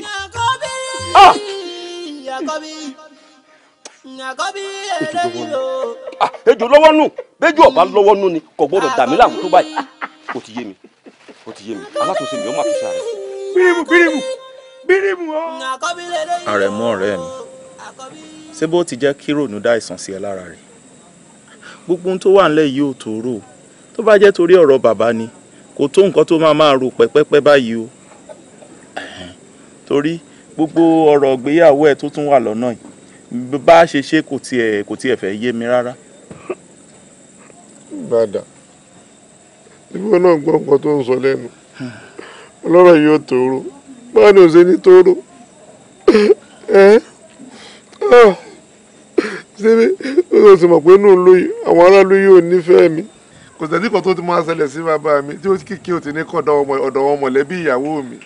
S2: Ah! Ah, ejò lọ́wọ́ nù bẹ́jù ọ̀bá lọ́wọ́ nù ni kò gbọ́dọ̀ dàmí làwọn tó báyìí kò ti yé mi kò ti yé mi alátúnṣe mi ó má tó sára.
S3: bírímù bírímù bírímù o.
S2: àrẹ̀mọ ọ̀rẹ́ mi ṣé bó ti jẹ́ kí ròònù dá ìsàn sí ẹ lára rẹ̀ gbogbo ohun tó wà nílẹ̀ yìí ò tó rò ó tó bá jẹ́ torí ọ̀rọ̀ bàbá ni kò tó nǹkan tó máa máa rò pẹ́pẹ́pẹ́ báyìí o torí gbogbo ọ̀rọ̀ ìgbéyàwó ẹ̀ tó tún wà lọ́nà yìí bá a ṣe ṣe kò tiẹ̀ kò tiẹ̀ fẹ́ yé mi rárá.
S1: bàdà
S3: ìwọ náà gbọ́ nǹkan tó ń sọ lẹ́nu ọlọ́rọ̀ yóò tòrò báwo ni ò ṣe ní tòrò ah,
S2: ṣé o sì mọ̀ pé inú ìlú yìí àwọn aráàlú yìí nífẹ̀ẹ́ mi kò sẹ́ni kan tó ti máa ṣẹlẹ̀ sí bàbá mi tí ó kíkí ò ti ní kọ́ ọ̀dọ̀ wọn mọ̀lẹ́bí ìyàwó mi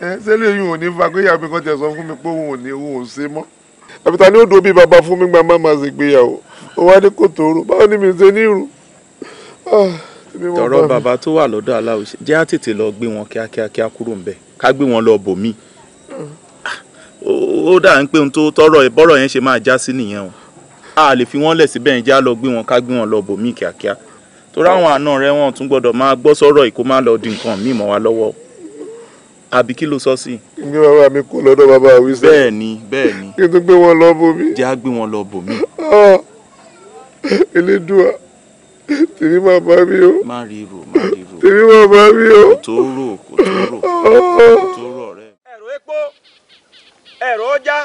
S2: sẹ́lẹ̀ hmm. yìí ò ní fa pé ìyàwó mi kan tẹ̀ sọ fún mi pé òun ò ní òun ò ṣe mọ́ àbíta ni ó dòbí bàbá fún mi gbàgbà máa ṣe gbéyàwó ó wá ní kò tóró báwo ni mi ṣe ní irú. Ah, tọrọ bàbá tó wà lọ́dọ̀ aláwo jẹ́ á tètè lọ gbé wọn kíákíá kíá kúrò ń bẹ ká gbé wọn lọ bòmí ah. ó dà ń pé tó tọrọ ẹ bọ́rọ̀ yẹn ṣe máa já sí nìyẹn o a lè fi wọ́n lẹ̀ síbẹ̀ ń já lọ gbé wọn ká gbé wọn lọ bòmí kíákíá torí àwọn àna rẹ wọn tún gbọdọ máa gbọ́ sọ̀rọ̀ ìkó má lọ di nǹkan míì mọ́ wa lọ́wọ́ àbí kí ló sọ sí. ní bàbá mi kú lọ́dọ̀ bàbá mi sẹ́. bẹ́ẹ̀ ni bẹ́ẹ̀ ni. kí n tó gbé wọn lọ bòmí. jẹ́ á gbé wọn lọ bòmí. Ah, elédùà tèmi máa bá mi o. má rí rò má rí rò. tèmi máa bá mi o. kò tó rò kò tó rò ah. kò tó rò rẹ. ẹ̀rọ epo ẹ̀rọ ọjà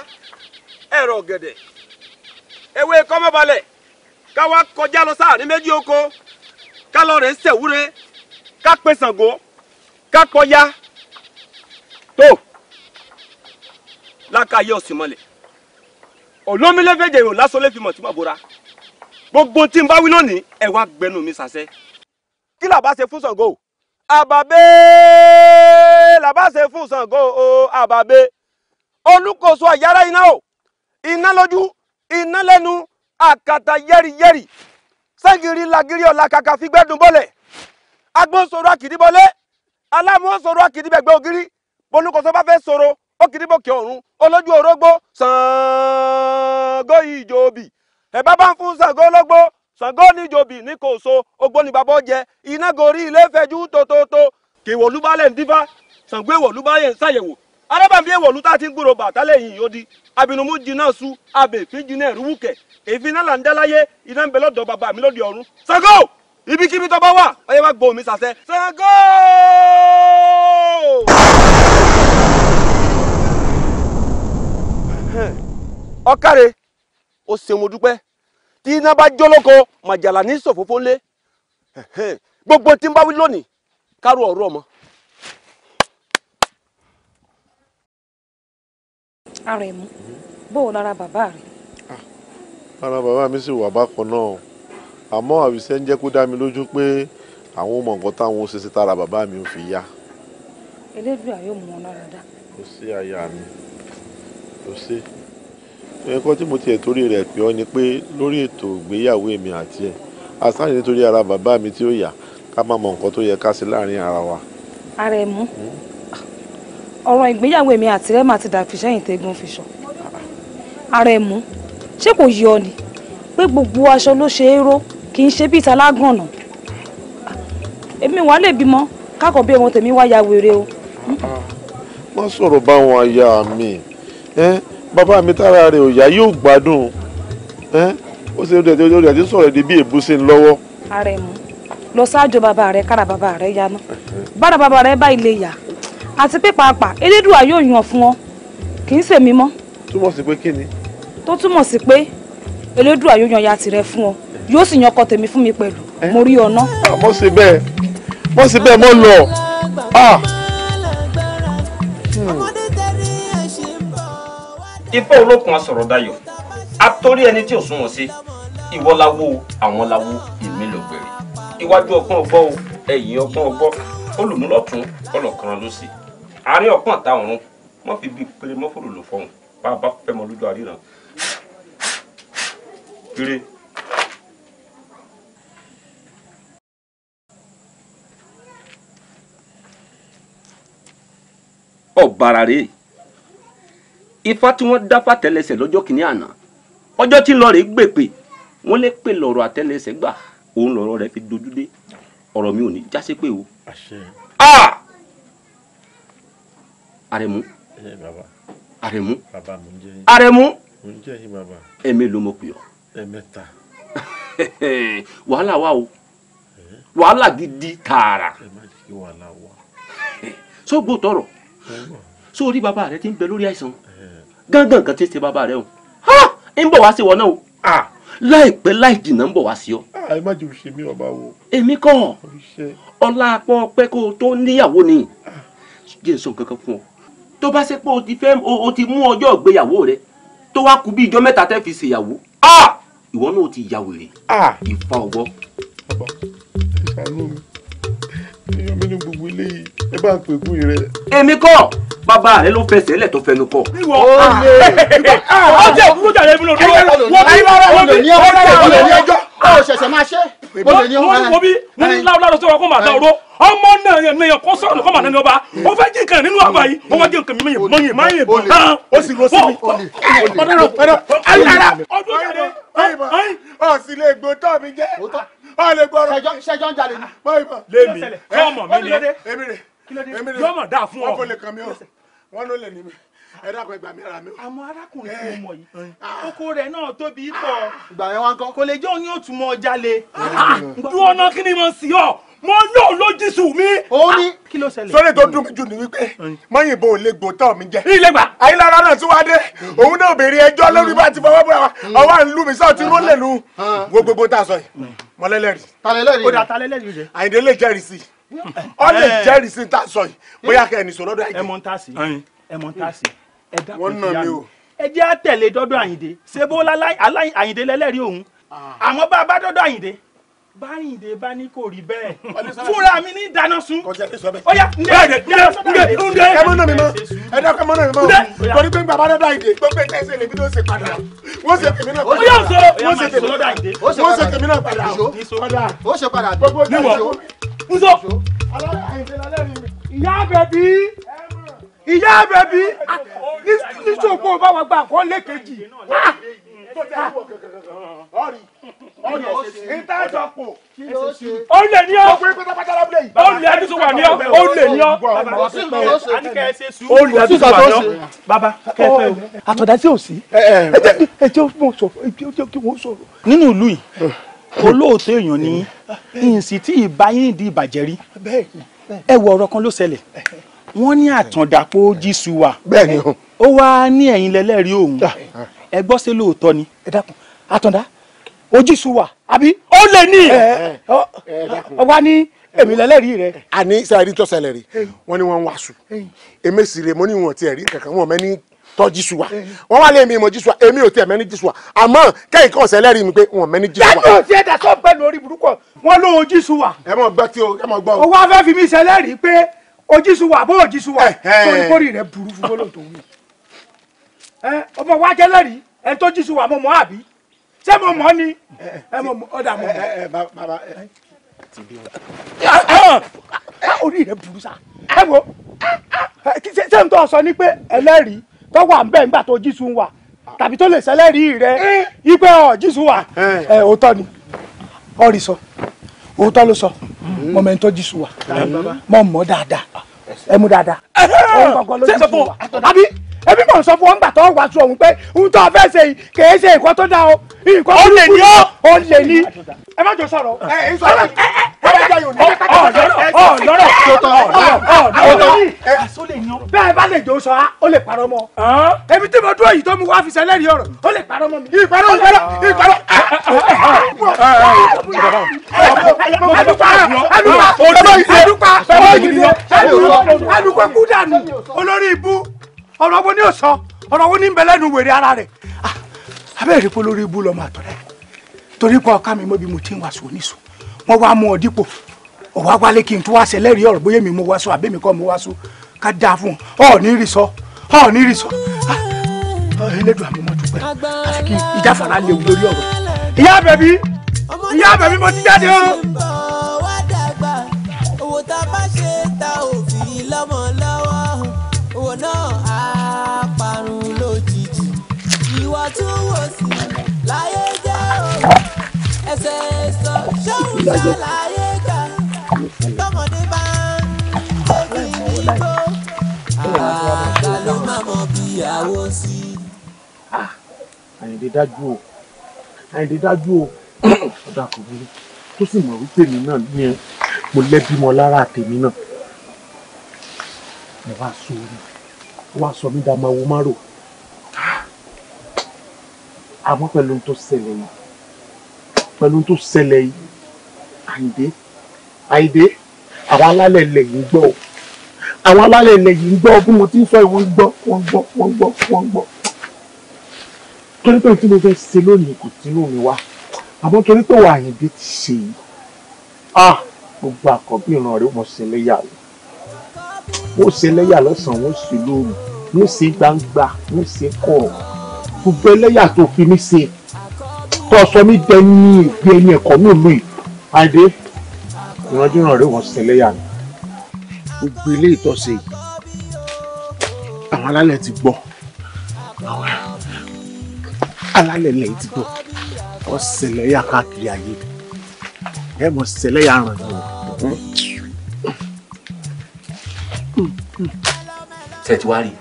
S2: ẹ̀rọ ọ̀gẹ̀dẹ̀ ewé kọ́mọ́balẹ̀ káwá kọjá lọ sáà ní méjì oko. ká lọ rẹ̀ ń ṣèwúre ká pe Ṣàngó ká pọya tó lákàyè ọ̀sìn mọ́lẹ̀ olómìnlẹ́fẹ̀jẹ̀ yòó lásán lè fi mọ̀ tí mo bora gbogbo tí n bá wí lónìí ẹ wá gbẹnu mi ṣàṣẹ. kí làbá ṣe fún Ṣàngó àbàbẹ́ làbá ṣe fún Ṣàngó o àbàbẹ́ olùkóso àyàrá iná o iná lójú iná lẹ́nu àkàtà yẹ́rìyẹ́rì sẹ́gìrì lagiri ọ̀la kàkà fi gbẹ́dùn bọ́lẹ̀ agbọ́n sọ̀rọ̀ àkìdí bọ́lẹ̀ alámọ̀ sọ̀rọ̀ àkìdí bẹ̀gbẹ́ ògiri bolúkọ̀sọ́ bá fẹ́ sọ̀rọ̀ ó kìdí bòkè ọ̀run olójú orógbó Ṣàngó ìjòbì ẹ̀ bá bá ń fún ní kò so ogbó jẹ iná gorí ilé fẹjú tótótó ń su èéfín náà là ń dá láyé iná ń bẹ lọ́dọ̀ bàbá mi lóde ọ̀run. Ṣàngó ibikíbi tó bá wà ọyẹ wá gbọ́ mi sàṣẹ. Ṣàngó. ọ̀kàrẹ̀ o ṣeun dúpẹ́ tí iná bá jó lóko màjàlá ní ṣòfófó ńlé gbogbo tí ń bá wí lónìí kárò ọ̀rọ̀ ọmọ. Àrẹ̀mú bó o lára bàbá rẹ̀ ara bàbá mi sì wà bákan náà àmọ́ àwìṣẹ́ ń jẹ́ kó dá mi lójú pé àwọn ọmọ nǹkan táwọn ṣe ṣe tára bàbá mi ò fi yá.
S1: elédùn àyè mú wọn lára dá.
S2: kò sí àyà mi kò sí ẹ̀kọ́ tí mo tiẹ̀ torí rẹ̀ pé ọ́ ni pé lórí ètò ìgbéyàwó èmi àti ẹ̀ àsáyé nítorí ara bàbá mi tí ó yà ká má mọ nǹkan tó yẹ ká ṣe láàrin ara wa. ara ẹ̀ mú hmm? ọ̀rọ̀ ìgbéyàwó èmi àti rẹ̀ máa ti dàbí sẹ́yìn tẹ́gun fi sọ ara ẹ̀ mú ṣé kò yọ ni pé gbogbo aṣọ ló ṣe é ró kì í ṣe bíi talágànnà èmi wàá lè bímọ kákọ̀ọ́ bí ọmọ tèmi wá ya wèrè o. má sọ̀rọ̀ báwọn aya mi bàbá mi tára rẹ̀ ò yá yóò gbádùn ó ṣe lóde àti lóde àti sọ̀rọ̀ èdè bí èbú sí ń lọ́wọ́. ààrẹ mu lọ ṣáájú bàbá rẹ kára bàbá rẹ yaná bára bàbá rẹ bá ilé yá àti pé pàápàá elédùà yóò yàn fún ọ kì í ṣèmi mọ́. túmọ̀ sí pé kí ni tó túmọ̀ sí pé elédùà yóò yan ya tirẹ̀ fún ọ yóò sì yan ọkọ tèmi fún mi pẹ̀lú mo rí ọ̀nà. Ah, mo sì bẹ́ẹ̀ mo sì bẹ́ẹ̀ mo lọ. Ah. Hmm. ifá olókun asọ̀rọ̀ dayọ̀ atorí ẹni tí ò súnmọ́ sí ìwọ láwo àwọn láwo èmi lọ́gbẹ̀rẹ̀ iwájú ọgbọ́n ọgbọ́ o ẹ̀yìn ọgbọ́n ọgbọ́ olùmúlọ́tún ọlọ́kan ló sì àárín ọgbọ́n àtàwọn wọ́n fi bí péré mọ́fòlò lò fọ́hùn bá a bá fẹ́ mọ lójú àríran Jure. ọ̀bàrà rèé ifá tí wọ́n dá fàtẹ́lẹsẹ̀ lọ́jọ́ kìíní àná ọjọ́ tí ń lọ rèé gbèpè wọ́n lè pè lọ́rọ̀ àtẹ́lẹsẹ̀ gbà òun lọ́rọ̀ rẹ̀ fi dojú dé ọ̀rọ̀ mi ò ní jásé pé o. àrẹ̀mú àrẹ̀mú àrẹ̀mú ẹ̀mí ló mọ̀ pè ọ́ ẹ̀mẹ́ta. wàhálà wà o wàhálà gidi tààrà. So má jẹ́ kí wàhálà wà. sógbó tọrọ sórí bàbá rẹ ti ń bẹ lórí àìsàn gángan kan ti ṣe bàbá rẹ o ń bọ̀ wá sí wọn náà o láìpẹ́ láì jìnnà ń bọ̀ wá sí ọ. ẹ má jẹ́ òṣè mi ọba wo. èmi kọ́ ọlá pọ̀ pẹ́ kó o tó níyàwó ni jẹ́ sọ nǹkan kan fún ọ. tó bá ṣe pé o ti fẹ́ o ti mú ọjọ́ ìgbéyàwó rẹ tó wá kù bí ijọ́ mẹ́ta tẹ́ fi ṣèyàwó. ah ìwọ náà ti ya wèrè. Ah. ìfà ọgbọ. bàbá ẹ ṣàánú mi èèyàn mi ní gbogbo eléyìí ẹ bá ń pè gún rẹ. èmi kọ́ bàbá rẹ ló fẹsẹ̀ lẹ̀ tó fẹnu kọ. ìwọ ọjọ́ ìwúrọ̀jà rẹ mi lò dúró wọ́n bí wọ́n bí wọ́n bí ẹjọ́ ọ̀ ṣẹ̀ṣẹ̀ máa ṣe. wọ́n bí wọ́n ní láwùláwù sọ̀rọ̀ kó màá dá oró ọmọ náà yẹn náà yẹn kó sọ̀rọ̀ kó màá nání ọba ó fẹ́ jí nǹkan nínú àbá yìí ó wá jí nǹkan mímọ́ yẹn mọ́ yẹn ó sì lọ síbi. ọdún yàrá ọdún yàrá ọ̀sìn mi jẹ́ a lè gbọ́ ọ̀rọ̀ ṣẹjọ́ ń jalè ní. lémi kọ́mọ̀ mi ni èmi rè èmi rè yọmọ dáa fún ọ. wọn kò kàn mí o wọn ló lè ní mi ẹ dákun ẹgbàá mi ara mi. àmọ́ arákùnrin tí mo yìí ah. oko rẹ̀ náà tóbi pọ̀. Ah. ìgbà yẹn wá ń kò lè jẹ́ òun yóò tún mọ jalè. dúró ah. ná kí ni mo sì ọ mo lò lójísù mi. ó ní kí ló ṣẹlẹ̀. sọ́ni tó dùn mí jù ní wípé mọ́yìnbó ò lè gbòótọ́ mi jẹ. ilé gbà. ayélujára náà tún wá dé òun náà béèrè ẹjọ́ lórí hmm. bá ti fọwọ́ búra wa hmm. ọwọ́ ń lù mí sọ́ọ̀tì rólẹ̀ nu wo tá a sọ yìí. Hmm mọlẹ́lẹ́rì. talẹ́lẹ́rì ó dà talẹ́lẹ́rì rẹ. àyìndé lè jẹ́rìí sí i ọ lè eh. jẹ́rìí sí i tá a sọ yìí eh. bóyá kẹ́ ẹ̀ nìṣó lọ́dọ̀ àyìndé. ẹ mọ ta sí ẹ mọ ta sí ẹ dákun ti yá mi ẹ jẹ́ àtẹ̀lé dọ́dọ̀ àyìndé ṣé bó àyìndé lẹ́lẹ́rìí òun ah. àmọ́ bá a bá dọ́dọ̀ àyìndé báyìndé bá ní kò rí bẹ́ẹ̀ fúnra mi ní dáná sun ọyá ndé ndé ndé kẹmọ náà mi mọ ẹdá kẹmọ náà mi mọ torí pé bàbá náà dáìdè gbọ́pẹ́ tẹ́sẹ̀ lèmi ló ṣe padà wọ́n ṣe tèmi náà padà wọ́n ṣe tèmi náà padà wọ́n ṣe tèmi náà padà padà ó ṣe padà gbogbo níwọ̀ nso. ìyá bẹ̀bí ìyá bẹ̀bí ah, ní sọ́kò bá wa gbà kọ́ lẹ́kẹ̀jì tó tẹ̀ wọ̀ kankan ọ̀rì ọ̀rì ìtajọ pò ó lè ní ọ́ ó lè ní sùwà ní ọ́ ó lè ní ọ́ ó lè ní sùwà ní ọ́ bàbá kẹfẹ́ o. àtọ̀dá sí òsì ẹ jẹ́ mo sọ̀rọ̀ ẹ jẹ́ kí wọ́n sọ̀rọ̀. nínú ìlú yìí olóòótọ́ èèyàn ni ìsìn tí ìbáyé di ìbàjẹ́ rí ẹ wọ ọ̀rọ̀ kan ló ṣẹlẹ̀ wọ́n ní àtàndàpọ̀ jísù wa ó wá ní ẹ̀yìn lẹ́lẹ́rìí òun ẹ gbọ́ sí lóòótọ́ ni ẹ dákun àtọ̀dá ojúṣu wà àbí ó lè ní ẹ wá ní èmi lẹ́lẹ́rìí rẹ. àní sẹ́ẹ̀rí tó ṣẹlẹ̀ rí wọ́n ní wọ́n ń wàásù èmi sì rè mo ní wọn tiẹ̀ rí kankan wọn mẹ́ni tọ́ jísù wa wọ́n wá lé mi mọ̀ jísù wa èmi ò tiẹ̀ mẹ́ni jísù wa àmọ́ kẹ́yìn kan ṣẹlẹ́rìí mi pé wọn mẹ́ni suwa. wa. lẹ́nu ti ẹ̀dá sọ pẹ̀lú orí burúkú wọn ló o jísù ẹ mọ gbọ́ tí o ẹ mọ gbọ́ o. owó afẹ́ fi mi ṣẹlẹ́rìí pé o jísù bó o jísù wa kórìí rẹ burú fún bọ́lọ̀ tó wù ẹ ọmọ wa jẹ lẹ́rìí ẹ tó jísù wà mo mọ̀ àbí ṣé mo mọ̀ ni ẹ mo mọ̀ ọ̀dà mo mọ̀. bàbá ẹ orí rẹ burú sa ẹ wo ṣé n tó sọ ni pé ẹlẹ́rìí tó wà nbẹ̀ nígbà tó jísù wà tàbí tó lè ṣẹlẹ́rìí rẹ ipe ọ̀ jísù wà ẹ òótọ́ ni ọ̀rì sọ òótọ́ ló sọ mọ̀mẹ́ntọ́ jísù wà mọ̀ mọ̀ dáadáa ẹ mú dáadáa
S3: ọ̀hún kankan ló jísù
S2: wà àbí ẹbí mọ̀ sọ fún wọn gbà tó wà sọ òun pé òun tó fẹ́ ṣe kèé ṣe nǹkan tó dáa o nǹkan tó lè ní o ò lè ní. ẹ má jọ sọ̀rọ̀ ẹ ẹ sọ ẹ ẹ lọ́rọ̀
S3: tó tọ̀ lọ́rọ̀ tó tọ̀
S2: bẹ́ẹ̀ bá lè jọ sọ ó lè parọ́ mọ́ ẹbí tí mo dúró yìí tó mú wá fi ṣẹlẹ̀ rí ọ̀rọ̀ ó lè parọ́ mọ́ mi. ìparọ́ ìparọ́ ìparọ́. alùpàá alùpàá alùpàá alùpàá kú dànù olórí ibú ọ̀rọ̀ wo ni ó sọ ọ̀rọ̀ wo ni ń bẹ lẹ́nu wèrè ara rẹ̀ ah, abẹ́rẹ́ pé lórí ibú lọ́mọ àtọ̀rẹ́ torí pé ọ̀ká mi mọ́ bí mo ti ń wàásù oníṣù wọ́n wá mú ọ dípò ọ̀wá wálé kí n tún wá ṣẹlẹ́rìí ọ̀rọ̀ bóyá mi mo wá sọ àbẹ́mi kọ́ mo wá sọ ká dáa fún ọ ọ̀ ní rí sọ ọ ní rí sọ ẹlẹ́dùn àmọ́ mọ́ dúpẹ́ àfi ah, kí ìjáfara léwu lórí ọ̀rọ̀ ìyá bẹ̀bí ìyá bẹ̀bí mo ti jáde o.
S3: láyé jẹ́ òru ẹsẹ̀ sọ ṣóun ṣe láyé gbà tọmọdé bá
S2: ń tẹ́kì ní kó àgbà ló má mọ bí àwo sí. Ah, àyìndé dájú o àyìndé dájú o ọ̀dà kò burú tó sì mọ̀ wípé mi náà ní mo lẹ́bí mọ lára àtẹ̀mí náà ẹ wá sọ orí dá máa wo má àmọ́ pẹ̀lú tó ṣẹlẹ̀ yìí pẹ̀lú tó ṣẹlẹ̀ yìí àìdé àìdé àwọn alálẹ̀ ilẹ̀ yìí ń gbọ́ o àwọn alálẹ̀ ilẹ̀ yìí ń gbọ́ bí mo ti ń sọ yìí wọ́n ń gbọ́ wọ́n ń gbọ́ wọ́n ń gbọ́ wọ́n gbọ́ torí pé tí mo fẹ́ ṣe lónìí kò tí lómi wá àmọ́ torí pé wà àyìnbí ti ṣe yìí ah gbogbo àkọ́bí ìran rẹ̀ wọ́n ṣe lẹ́yà lọ wọ́n ṣe lẹ́yà lọ́sàn-án wọ́n ṣe lóru wọ́n ṣe gbangba wọ́n ṣe kọ̀ọ̀ gbogbo ẹlẹ́yà tó fi mí ṣe tó sọ mí dẹni ìpè ẹni ẹ̀kọ́ ní òlú yìí adé ìrandíran rẹ wọ́n ṣe ẹlẹ́yà ni gbogbo ilé ìtọ́sẹ̀ yìí àwọn alálẹ̀ ti gbọ́ àwọn alálẹ̀ lẹ́yìn ti gbọ́ wọ́n ṣe ẹlẹ́yà káàkiri ayé ẹ̀ mọ̀ ṣe ẹlẹ́yà ràn yìí tẹ̀tí wá rí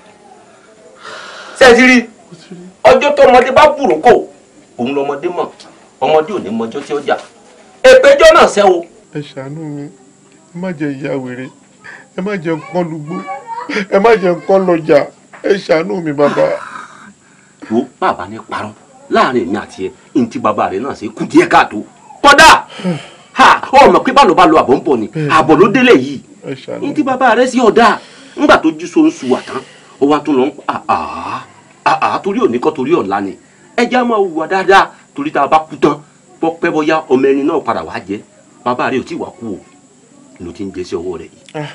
S2: tẹ̀tí rí ọjọ́ tó ọmọdé bá bùrọ̀kọ̀ òun lọmọdé mọ̀ ọmọdé ò ní mọjọ́ tí ó jà èpéjọ́ náà ṣẹ́ o. ẹ ṣàánú mi ẹ má jẹ ìyá wèrè ẹ má jẹ nǹkan lùgbó ẹ má jẹ nǹkan lọjà ẹ ṣàánú mi bàbá. wo bàbá ní parọ́ láàrin èmi àti ẹ ní ti bàbá rẹ náà ṣe kú díẹ̀ káàtó kódà ọmọ pé bá lọ bá lọ àbọ̀ ń bọ̀ ni àbọ̀ ló délé yìí ní ti bàbá rẹ sí ọ̀dà ńgbà tó jí so ń su àtán ó wá tún lọ ń pa àá. Ah, ah torí òní kọ́ torí ọ̀la ni ẹja máa wùwà dáadáa torí tá a bá kú tán pọ́pẹ́ bọ́yá ọmọ ẹni náà padà wá jẹ́ bàbá rẹ̀ ò tí wà kú o ló ti ń jẹ́ sí ọwọ́ rẹ̀ yìí. Ah,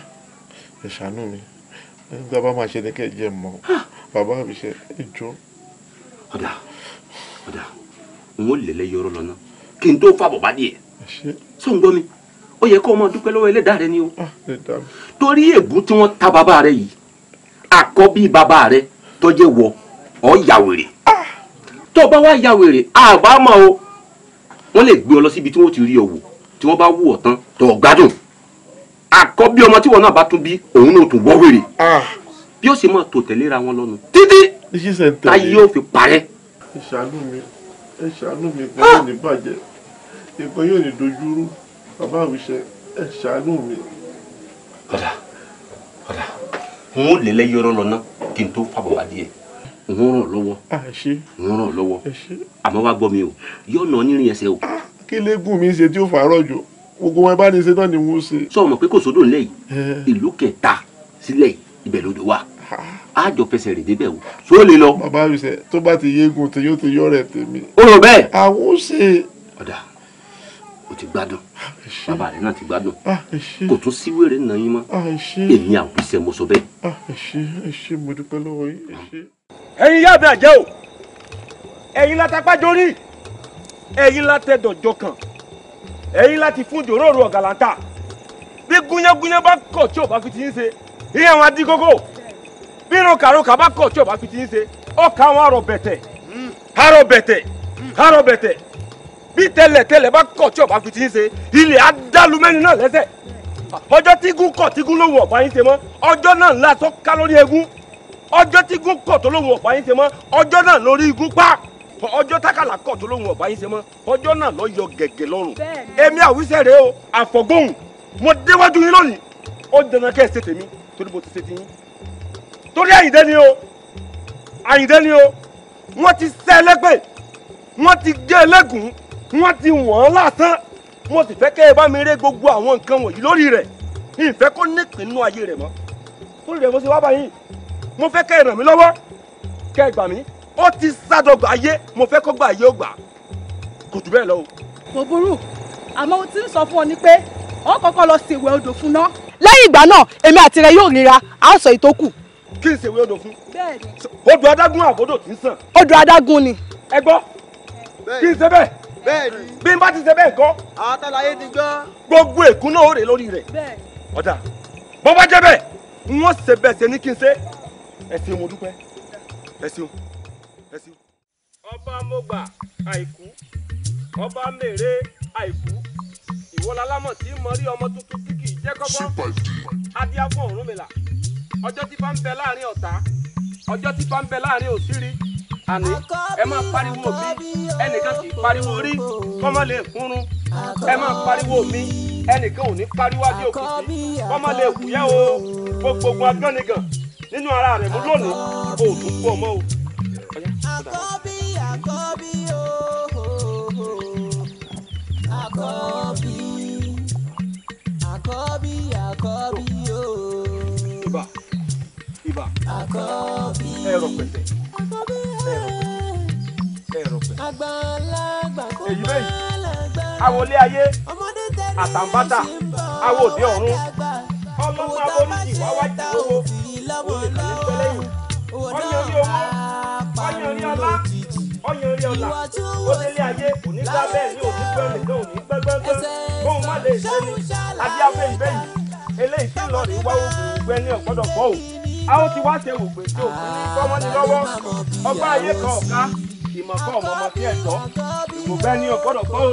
S2: ẹ ṣàánú mi nígbà bá máa ṣe ni kẹ́ ẹ jẹ́ mọ́ ah! bàbá mi ṣe é jọ. ọ̀dà ọ̀dà n ó lẹ̀lẹ́ yọrọ lọ́nà kí n tó fàbọ̀ bá díẹ̀ sọ ń gbọ́ mi ó yẹ kó o máa dúpẹ́ lọ́wọ́ ẹlẹ́dàá rẹ ni o torí ègún tí wọ́n ta bàbá rẹ yìí àkọ́bí bàbá rẹ tọ́jẹ́ wọ̀ ọ ya wèrè tó o bá wá ya wèrè àbámọ̀ o wọ́n lè gbé ọ lọ síbi tí wọ́n ti rí ọ wò tí wọ́n bá wù ọ tán tó o gbádùn àkọ́bí ọmọ tí wọn náà bá tún bí òun náà tún wọ́ wèrè ah. bí ó sì máa tò tẹ̀léra wọn lọ́nu títí táyé yóò fi parẹ́. ẹ ṣàánú mi ẹ ṣàánú mi ah! kan yóò ní bàjẹ́ nǹkan yóò ní dojúrú bàbá àwùṣẹ ẹ ṣàánú mi. ọ̀dà ọ̀dà n ó lè lẹ́yọ̀rọ̀ lọ ná kí n tó fàbọ̀ wá díẹ̀ n ó ràn lọ́wọ́ n ó ràn lọ́wọ́ àmọ́ wá gbọ́ mi o yóò nà ọ́ nírin ẹsẹ̀ o. kí lẹ́gùn mi ṣe tí ó fàárọ̀ jù gbogbo wọn bá ní ṣe náà ni wọ́n ṣe. sọ ma pé kò sódò ńlẹ̀ yìí ìlú kẹta sílẹ̀ ibẹ̀ lódò wà àjọ fẹsẹ̀ rè débẹ̀ o só lè lọ. bàbá mi sẹ tó bá ti yégun tèyó tèyó rẹ tèmi. ó rò bẹ́ẹ̀. àwọn ó ṣe. ọ̀dà o ti gbádùn bàbá rẹ náà ti gbádùn ah, kò tún sí wèrè náà yín mọ́ ah, èmi àwọn iṣẹ́ mo sọ bẹ́ẹ̀. Ah, ẹ ṣé mo dúpẹ́ lọ́wọ́ yín. ẹ̀yin yá bẹ àjẹ́ o ẹ̀yin la tapájọ rí ẹ̀yin la tẹ̀dọ̀ jọkàn ẹ̀yin la ti fún jòròrò ọ̀gàlàǹtà bí gúnyángúnyán bá kọ̀ tí ò bá fi ti ń ṣe ìyẹn àwọn adigogo bí rokaroka bá kọ̀ tí ò bá fi ti ń ṣe ọkà àwọn arọ bẹ̀tẹ̀ hmm. arọ bẹ̀tẹ̀ hmm. arọ bẹ̀tẹ̀ bí tẹ́lẹ̀tẹ́lẹ̀ bá kọ̀ tí ọ̀bá fi ti ń ṣe ilẹ̀ adálùmẹ́ni náà lẹ́sẹ̀ ọjọ́ tígún kọ̀ tígún lòun ọ̀bá yín ṣe mọ́ ọjọ́ náà ńlá tó ká lórí egun ọjọ́ tígún kọ̀ tó lòun ọ̀bá yín ṣe mọ́ ọjọ́ náà lórí igun pa ọjọ́ tákàlà kọ̀ tó lòun ọ̀bá yín ṣe mọ́ ọjọ́ náà lọ yọ gẹ̀gẹ̀ lọ́rùn èmi àwíṣẹ́ rèé o àfọ̀góhùn mo déwájú yín lónìí ó dandan kẹ́ ẹ̀ ṣe tèmi torí mo ti ṣe ti yín torí àyìndé ni o àyìndé ni o wọ́n ti sẹ́ ẹlẹ́gbẹ̀ẹ́ wọ́n ti gé ẹlẹ́gùn wọ́n ti wọ̀n látán mo sì fẹ́ kẹ́ ẹ bá mi ré gbogbo àwọn nǹkan wọ̀nyí lórí rẹ̀ ìfẹ́ kó nípìnnú ayé rẹ̀ mọ́ lórí rẹ̀ mo ṣe wá báyìí mo fẹ́ kẹ́ ẹ ràn mí lọ́wọ́ kẹ́ ẹ gbà mí ó ti sádọgba ayé mo fẹ́ kó gba ayé ó gbà kò jù bẹ́ẹ̀ lọ o. kò burú àmọ́ mo ti ń sọ fún ọ ní pé ọ kọ́kọ́ lọ ṣèwé odò fún ná. lẹ́yìn ìgbà náà èmi àti rẹ yóò ríra a ó sọ ìtókù. kí n ṣèwé odò fún. bẹ́ẹ̀ni. odò adágún àbódò tí ń sàn. odò adágún ni. ẹ gbọ́ kí n ṣe bẹ́ẹ̀ bẹ́ẹ̀ni bí n bá ti ṣe bẹ́ẹ̀ nǹkan. àtàlàyé ti gbọ́. gbogbo èkún náà ó rè lórí rẹ̀. bẹ́ẹ̀ni. ọ̀dà bó bá jẹ́ bẹ́ẹ̀ n ó ṣe bẹ́ẹ̀ ṣe ní kí n ṣe ẹ ṣeun mo dúpẹ́ ẹ ṣeun ẹ ṣeun. ọba mọ̀gbà àìkú ọba mèrè àìkú ìwọlá lámọ̀ tí mo rí ọmọ tuntun tí kì í jẹ́ kọ́kọ́ adíáfọ̀ ọ̀rúnmìlà ọjọ́ tí bá ń bẹ láàrin ọ̀tá ọjọ́ tí bá ń bẹ láàrin òsírí àní ẹ máa pariwo mi ẹnìkan kì í pariwo rí kọ́mọ lè ẹ máa pariwo mi ẹnìkan ò ní pariwo òkùnkùn kọ́mọ lè kú yẹ o gbogbo ogun nínú ara rẹ̀ mú lónìí kò tún kú ọmọ o. àkọ́bí
S3: àkọ́bí ooo àkọ́bí àkọ́bí àkọ́bí ooo. pẹ̀tẹ̀. èyí bẹ́ẹ̀ àwọlé ayé àtàǹbátà
S2: àwòdì ọ̀run
S3: ọlọ́mọ aboríjì wá wá jù owó olè kàlẹ́ pẹ́lẹ́yìn ọyàn rí owó ọyàn rí ọlá ọyàn rí ọlà olélé ayé
S2: òní gbá bẹ́ẹ̀ ni òní
S3: gbẹ́lẹ̀ náà òní gbẹ́gbẹ́gbẹ́ bóun má lè ṣe ni
S2: adé abẹ́ ìbẹ́yìn eléyìí tí lọ́ọ̀rì wá òògùn ìgbẹ́ ní ọ̀gbọ́dọ̀ bọ́ òògùn àwọn ti wá ṣe ògbè tí òkú ní kọ́mọ́ni lọ́wọ́ ọgbà ayé kan ọ̀ká ìmọ̀ kan ọmọ ọmọ sí ẹ̀tọ́ ìmọ̀gbẹ́ ní ọ̀gbọ́dọ̀ gbọ́ o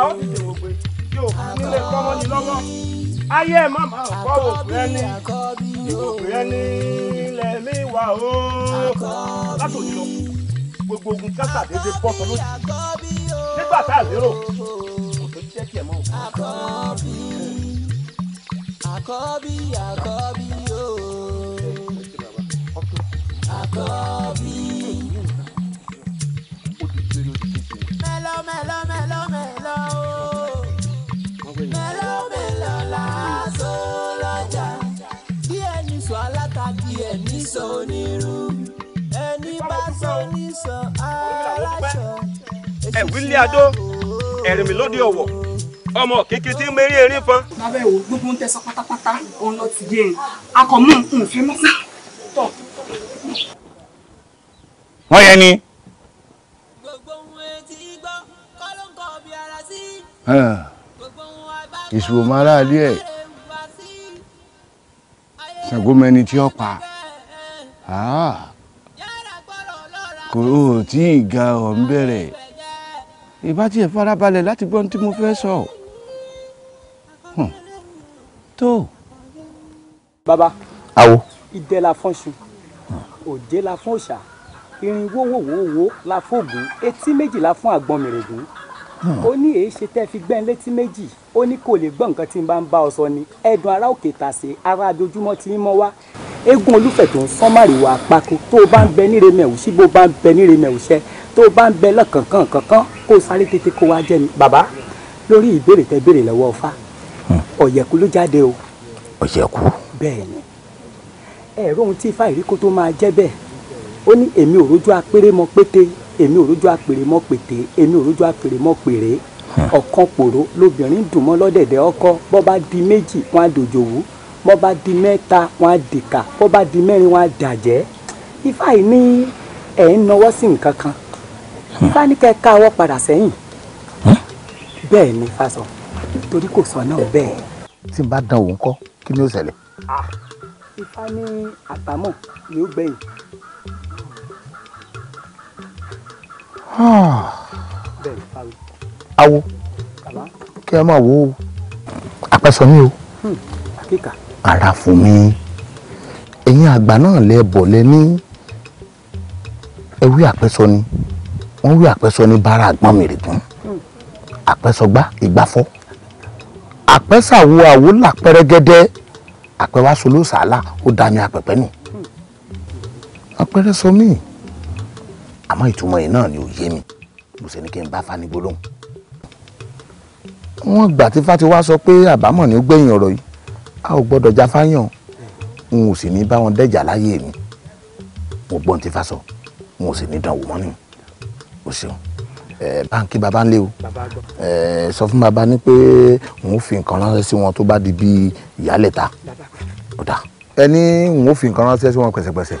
S2: àwọn ti ṣe ògbè tí òkú nílé kọ́mọ́ni lọ́wọ́ ayé ẹ̀ má máa kọ́ òkú ẹni ìgbòkè ẹni lẹ́mí wà o látòní lọ gbogbo ogun kásà dédé bọ́ sọ lójú nígbà tá a lérò kò tó jẹ́ kí ẹ mọ́ òkú. àkọ́bí
S3: àkọ́bí àkọ́bí. Kobi. Melo, melo, melo, melo. Melo, melo lásán lọ́jà. Bí ẹni sọ aláta bí ẹni sọ onírú. Ẹni bá sọ oníṣọ aláṣọ. Ẹ
S2: wílé adó, ẹ̀rìn mi lóde ọ̀wọ̀ ọmọ kékeré tí ń mérí erin fún. lábẹ́ ìwò gbogbo ń tẹ̀sán pátápátá òun lọ ti yé e akọ̀mú nǹkan fẹ́ mọ́sá wọ́n yẹ ni. gbogbo ohun etí gbọ́ kọ́ ló ń kọ bí ara sí. ìṣòro máa rà díẹ̀ ṣàgómẹni tí ó pa kò tí ì ga ọ̀ ń bẹ̀rẹ̀ ìbá tiẹ̀ farabalẹ̀ láti gbọ́n tí mo fẹ́ sọ tó. baba awo idẹ la fọ́nṣu òjé la fọ́nṣà irinwó wòwòwò la fóògùn etí méjìlá fún àgbọn mèrègùn hmm. ó ní èyí ṣe tẹ́ fi gbẹ́ létí méjì ó ní kò lè gbọ́ nǹkan tí n bá ń bá ọ sọ ni ẹ̀dùn ara òkè tàsé ara abiyojúmọ́ ti ń mọ́ wá eégún olúfẹ̀ tó ń sán márìwá àpapọ̀ tó o bá ń bẹ níre mẹ̀wù sí bó o bá ń bẹ níre mẹ̀wù sẹ́ tó o bá ń bẹ lọ́kànkàn kankan kó o sáré tètè kó wa jẹ́ ni bàbá lórí ìbéèrè tẹ béèrè lọ́wọ́ ọ̀fà hmm. ọ̀yẹ̀kú ló jáde o. ọ̀yẹ̀kú. bẹ́ẹ̀ ni ẹ̀rọ ohun tí ifá ìríkó tó máa jẹ́ bẹ́ẹ̀ ó ní èmi ò rójú apèrè mọ pété èmi ò rójú apèrè mọ pété èmi ò rójú apèrè mọ pèrè ọ̀kan pòró lobìnrin dùn mọ́ lọ́dẹ̀dẹ̀ ọkọ bọ́ bá di méjì wọn á dòjòwú bọ́ bá di mẹ́ta wọn á dìkà bọ́ bá di mẹ́rin wọn á dàjẹ́ ifá yìí ní ẹ̀ ń nawọ́ sí nǹkan kan ifá ní kẹ́ káwọ́ padà sẹ́yìn bẹ́ẹ̀ ni ifá sọ torí kò sọ náà bẹ́ẹ̀. tí n bá dán òun kọ́ kí ni ó ṣẹlẹ̀. Ah, ifá ní àbámọ̀ yóò gbẹ̀yìn Ah. awo kí ẹ máa wo apẹ̀sọ̀ mi o hmm, ara fún mi ẹ̀yin àgbà náà lẹ bọ̀ lẹ ní ẹ wí àpẹ̀sọ ni wọ́n wí àpẹ̀sọ ní bára àgbọ̀n mi rè gún hmm. àpẹ̀sọgbá ìgbàfọ́ àpẹ́sàwo àwo làpẹ́rẹ́ gẹ́dẹ́ àpẹ́wàsó ló sàálà ó dá mi àpẹ̀pẹ́ nù hmm. àpẹrẹ sọ míì àmọ́ ìtumọ̀ yìí náà ni ò yé mi mo sì ní kí n bá fani gbólóhùn. wọ́n gbà tí fatiwa sọ pé àbámọ̀ ni ó gbẹ̀yìn ọ̀rọ̀ yìí a ò gbọ́dọ̀ já fáyàn n ò sì ní bá wọn dẹ́jà láyé mi mo gbọ́n ti fa sọ n ò sì ní dánwò mọ́ o ṣeun báńkì baba ń lé o sọ fún baba ní pé n ò fi nǹkan ránṣẹ́ sí wọn tó bá di bíi ìyálẹ̀ta ọ̀dà ẹni n ò fi nǹkan ránṣẹ́ sí wọn pẹ̀sẹ̀pẹ̀sẹ̀.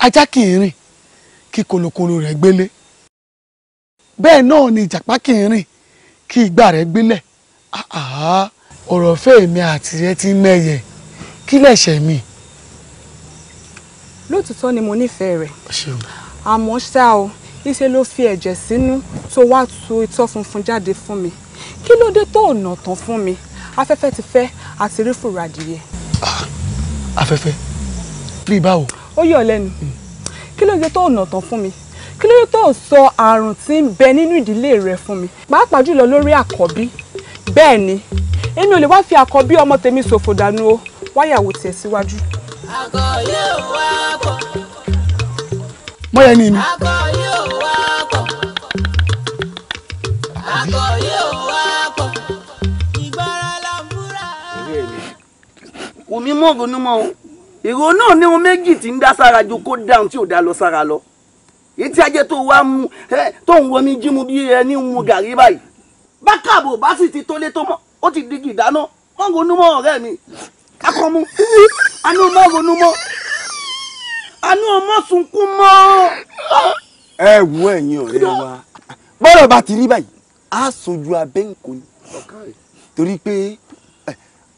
S2: ajá kì í rìn kí kolokolo rẹ̀ gbélé bẹ́ẹ̀ náà ni ìjàpá kì í rìn kí ìgbà rẹ̀ gbélẹ̀ ọ̀rọ̀ fẹ́ẹ̀mí àti rẹ ti mẹ́yẹ kí lẹ̀ṣẹ̀ mi. lótìtọ́ ni mo nífẹ̀ẹ́ rẹ̀ àmọ́ ṣá o iṣẹ́ ló fi ẹ̀jẹ̀ sínú tó wá tu itọ́ funfun jáde fún mi kí ló dé tó ọ̀nà tán fún mi afẹ́fẹ́ ti fẹ́ àti rí fùràdìyẹ. Ah, afẹ́fẹ́ bí báwo ó yọ̀ lẹ́nu kí ló dé tó ọ̀nà tán fún mi kí ló dé tó sọ àrùn tí ń bẹ nínú ìdílé rẹ fún mi pàápàá jùlọ lórí àkọ́bí bẹ́ẹ̀ ni èmi ò lè wá fi àkọ́bí ọmọ tèmi ṣòfò dànù o wáyàwó tiẹ̀ síwájú.
S3: àgọ́ yóò wá pọ̀. mọ́yẹ́ ní mi. àgọ́ yóò wá pọ̀. àgọ́ yóò
S2: wá pọ̀. ìgbára làǹbúrà. wùmí mọ́ọ̀gùn ní mọ́ ìró náà ní ohun méjì tí ń dá sára ju kó dáhùn tí ò dá lọ sára lọ èyí tí ajé tó wá mu ẹ tó ń wọmi jímu bí ẹni ń mu gàrí báyìí bákàbò bá sì ti tólé tó mọ ó ti digi ìdáná wọn ronú mọ ọ̀rẹ́ mi akọmu anú ọmọ ronú mọ anú ọmọ sunkún mọ. ẹ wo ẹ̀yin ọ̀rẹ́ wa bọ́rọ̀ bá ti rí báyìí á sojú abẹ́ ń torí pé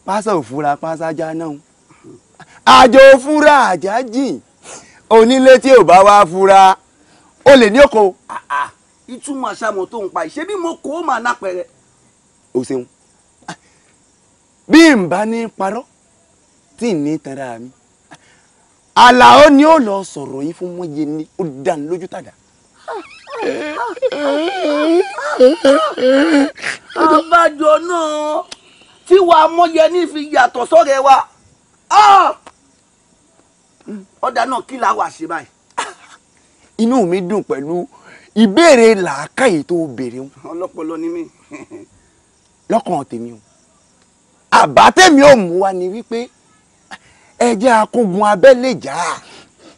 S2: pásá òfurufú pásá já náà àjò fúnra àjà jìn onílé tí ò bá wá fúra o lè ní oko. ìtumọ̀ àṣàmọ̀ tó ń pa ìṣe bí mo kò ó máa lápẹ̀rẹ̀. o ṣeun bí n bá ní parọ́ tí n ní tara mi àlàó ni ó lọ sọ̀rọ̀ yìí fún mọ́yé ni ó dá ní lójú tàdá. àbájọ náà tí wàá mọ́yé ní fi yàtọ̀ sọ́rẹ́ wa. Ah! ọ̀dà náà kí làá wà ṣe báyìí. inú mi dùn pẹ̀lú ìbéèrè làákàyè tó béèrè wọn. ọlọ́pọlọ ni mí. lọ́kàn tèmi o àbá tèmi ò mú wa ni wípé ẹ jẹ́ akógun abẹ́lé jà.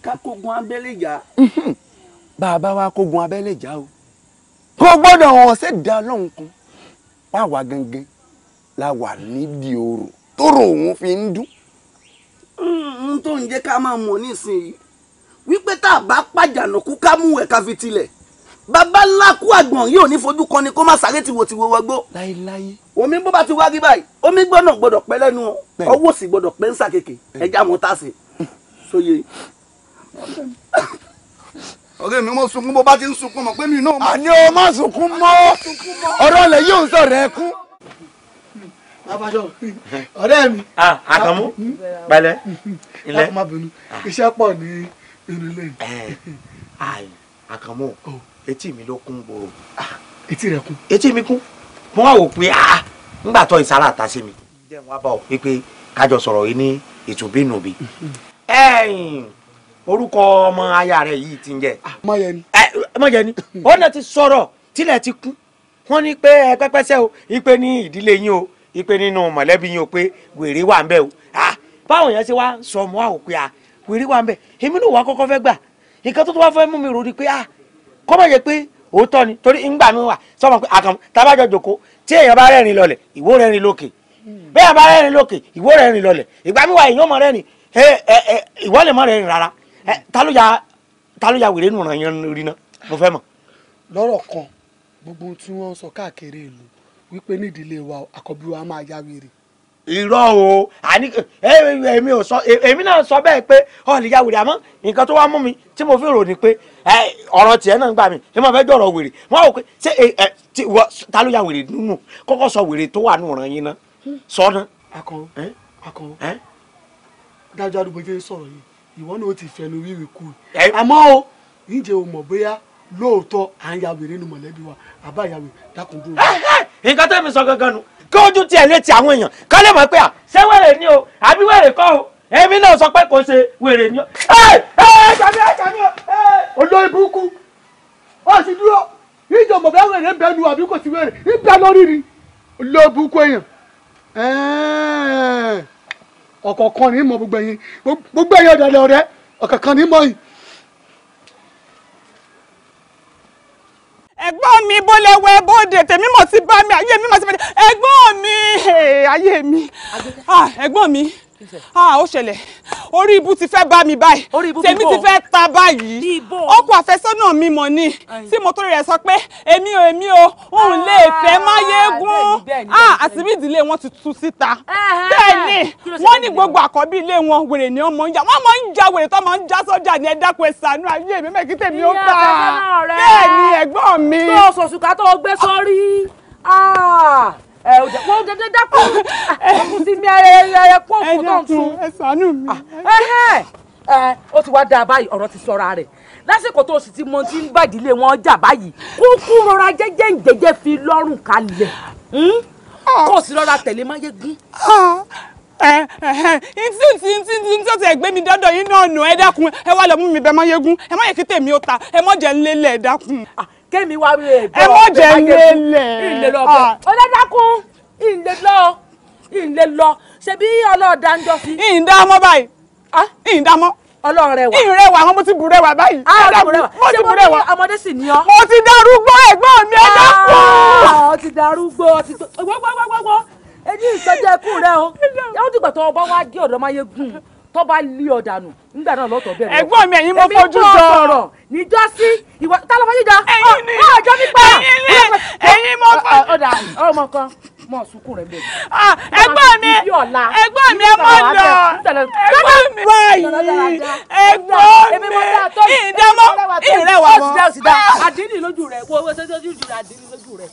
S2: kákógun abẹ́lé jà. bàbá wa kógun abẹ́lé jà o kó gbọ́dọ̀ wọn ṣe dá lọ́hùn kan wá wá gangan la wà nídìí oòrùn tó òun fi ń dún ohun tó ń jẹ́ ká máa mọ̀ nísìnyí wípé tá a bá pàjánùkú ká mú ẹ̀ ká fi tilẹ̀ bàbá ńlá kú àgbọ̀n yóò ní fojú kan ni kó má sáré tìwòtìwò wọgbó. láéláé. omi bó bá ti wá rí báyìí omi gbọ́nà gbọ́dọ̀ pẹ́ lẹ́nu ọ ọwọ́ sì gbọ́dọ̀ pẹ́ ń sàkèké ẹja mo ta sí. sóye. ọ̀rẹ́ mi mo sunkún bó bá ti ń sunkún mọ̀ pé mi náà. àní o má sunkún mọ́ ọ̀rọ̀ lẹ yóò sọ̀rọ̀ ẹkún
S3: abajọ ọ̀rẹ́ mi. àkànmú pẹ̀lẹ́
S2: ilẹ ọmọbìnrin iṣẹ́ pọ̀ ní inú ilé mi. àkànmú eh. oh. etí mi ló kún gbòòrò. Ah, etí rẹ kún. etí mi kún mo wá wò pé ńgbà ah, tó ìsára ta sí mi. jẹ́ ń wá bá ọ pé pé kájọ sọ̀rọ̀ yìí ní ìtùbínú bi. Hmm. orúkọ ọmọ aya rẹ yìí ti ń jẹ. Ah, mọ̀yẹ́ni. mọ̀yẹ́ni hmm. ti sọ̀rọ̀ tilẹ̀ ti kú wọ́n ní pé ẹ pẹ́pẹ́sẹ́ o ìpè ní ìdílé yín o ipe nínú mọ̀lẹ́bí yín o pé wèrè wà ń bẹ̀ o ah báwọn èèyàn ṣe wá sọ ọmọ àwọn pé ah wèrè wà ń bẹ̀ èmi náà wà kọ́kọ́ fẹ́ gbà nǹkan tó tó wá fẹ́ mú mi rò ni pé ah kọ́ bá yẹ pé òótọ́ ni torí ńgbà mi wà sọmọ pé àkàmú ah, tábàjọ jòkó tí èèyàn bá rẹ́rìn lọlẹ̀ ìwọ rẹ́rìn lókè bẹ́ẹ̀ bá rẹ́rìn lókè ìwọ rẹ́rìn lọlẹ̀ ìgbà mi wà èèyàn mọ̀ rẹ́rìn ìwọ wípé nídìílé wa àkọ́bí wa máa ya wèrè. irọ́ o àní èmi ò sọ èmi náà sọ bẹ́ẹ̀ pé ọ̀lì ya wèrè àmọ́ nǹkan tó wá mú mi tí mo fi rò ní pé ọ̀rọ̀ tiẹ̀ náà ń gbà mí ẹ máa fẹ́ jọ̀rọ̀ wèrè wọ́n rò pé ṣé ta ló ya wèrè nínú kọ́kọ́ sọ wèrè tó wà nù ràn yín náà sọ náà. akọrọ akọrọ dájú àdúgbò jẹ́ sọ̀rọ̀ yìí ìwọ náà ti fẹnu wíwì kú àmọ́ o níjẹ́ o mọ̀ bóyá lóòótọ́ à ń ya wèrè nínú mọ̀lẹ́bí wa àbá ìyàwó dákúndúró nǹkan tẹ́mi sọ gangan nu kí ojú tiẹ̀ létí àwọn èèyàn ká lè mọ̀ pé à ṣé wèrè ni o àbí wèrè kọ́ o èmi náà sọ pé kò ṣe wèrè ni o. ẹ ẹ jàmí ẹ jàmí ẹ olórí burúkú ó sì dúró ìjọ mọ̀ bẹ́ẹ̀ wèrè bẹ́ẹ̀ nu àbí kò sí wèrè ìgbà lórí rí olórí burúkú èèyàn ọ̀kọ̀ọ̀kan ní mọ̀ gbogbo ẹ̀yìn gbogbo ẹ̀yìn ọ̀dàlẹ̀ ọ̀rẹ́ ọ̀kọ̀ọ̀kan ní mọ̀ yìí ẹ̀gbọ́n mi bó lè wẹ bóde tèmi mọ̀ sí bá mi ayé mi mọ̀ sí bá mi ẹ̀gbọ́n mi ayé mi ah, ẹ̀gbọ́n mi ah ó ṣẹlẹ̀ orí ibu ti fẹ́ bá mi báyìí tèmi ti fẹ́ ta báyìí ọkọ àfẹ́sọ́nà mi mọ̀ ni tí mo tó rẹ̀ sọ pé èmi ò èmi ò òun lè ah, fẹ́ máyégún ah àtìrí ìdílé wọn ti tú síta ah, bẹ́ẹ̀ ni wọ́n ní gbogbo àkọ́bí ilé wọn wèrè ni ọmọ ń jà wọ́n máa ń ja wèrè tó máa ń já sọ́jà ní ẹ̀dá pé sànú ayé mi mẹ́kì tèmi ó bá bẹ́ẹ̀ ni ẹ̀gbọ́n mi. tó o sọ̀sùkà tó o ẹ ò jẹ kó sí mi ẹ kó òkú tó tún.
S3: ẹ ṣàánú mi.
S2: Ah, ó ti wá dáa báyìí ọ̀rọ̀ ti sọra rẹ̀ lásìkò tó o sì ti mọ tí ń gbàdílé wọn jà báyìí kúkú rọra jẹ́jẹ́ jẹ́jẹ́ fi lọ́rùn kalẹ̀ hmm? ah. kó o sì rọra tẹ̀lé máyégún ntí ntí ntí ntí ntí ọtí ẹgbẹ́ mi dọ́dọ̀ yín náà nù ẹ dákun ẹ wá lọ mú mi bẹ mọ́yégún ẹ má yẹ kí tèmi ó ta ẹ mọ́ jẹ́ ńlẹ́lẹ̀ ẹ dákun. Ah, kémi wá rí ẹ̀gbọ́n ẹ mọ̀ jẹ́ nílẹ̀ ìlè lọ bẹ́ẹ̀ ọ̀dẹ́dákun ah. ìlè lọ ìlè lọ ṣebí ọlọ́ọ̀dá ń jọ sí. ìǹda ọmọ báyìí ìǹda ọmọ ọlọ́rẹ̀wà ìrẹwà àwọn mo ti bùrẹwà báyìí mo ti bùrẹwà ọmọdé sì ní ọ. mo ti darúgbó ẹ̀gbọ́n mi ẹ̀dá kù. ọ ti
S3: darúgbó ọ ti gbogbogbogbogbò ẹni
S2: ìtọ́jú ẹkú rẹ o yàrá ó dìgbà tó ọba wa dé ọ̀dọ́ máa yé gùn tó bá lé ọ dànù nígbà náà lọ́tọ̀ bẹ̀rẹ̀. ẹ̀gbọ́n mi ẹ̀yin mo fojú sọ̀rọ̀. níjọ́ sí ìwọ
S3: tá ló fojú jà. ẹ̀yin ni ọjọ́ nípa ẹ̀yin mo fojú. ọ̀dà ọmọ kan mọ sunkún rẹ bẹ́ẹ̀. ẹ̀gbọ́n mi ẹ̀gbọ́n mi ẹ mọ lọ ẹ̀gbọ́n mi báyìí ẹ̀gbọ́n mi ìdámọ ìrẹwà mọ. àdínì lójú rẹ wo wo sẹsẹ ojú rẹ àdínì lójú rẹ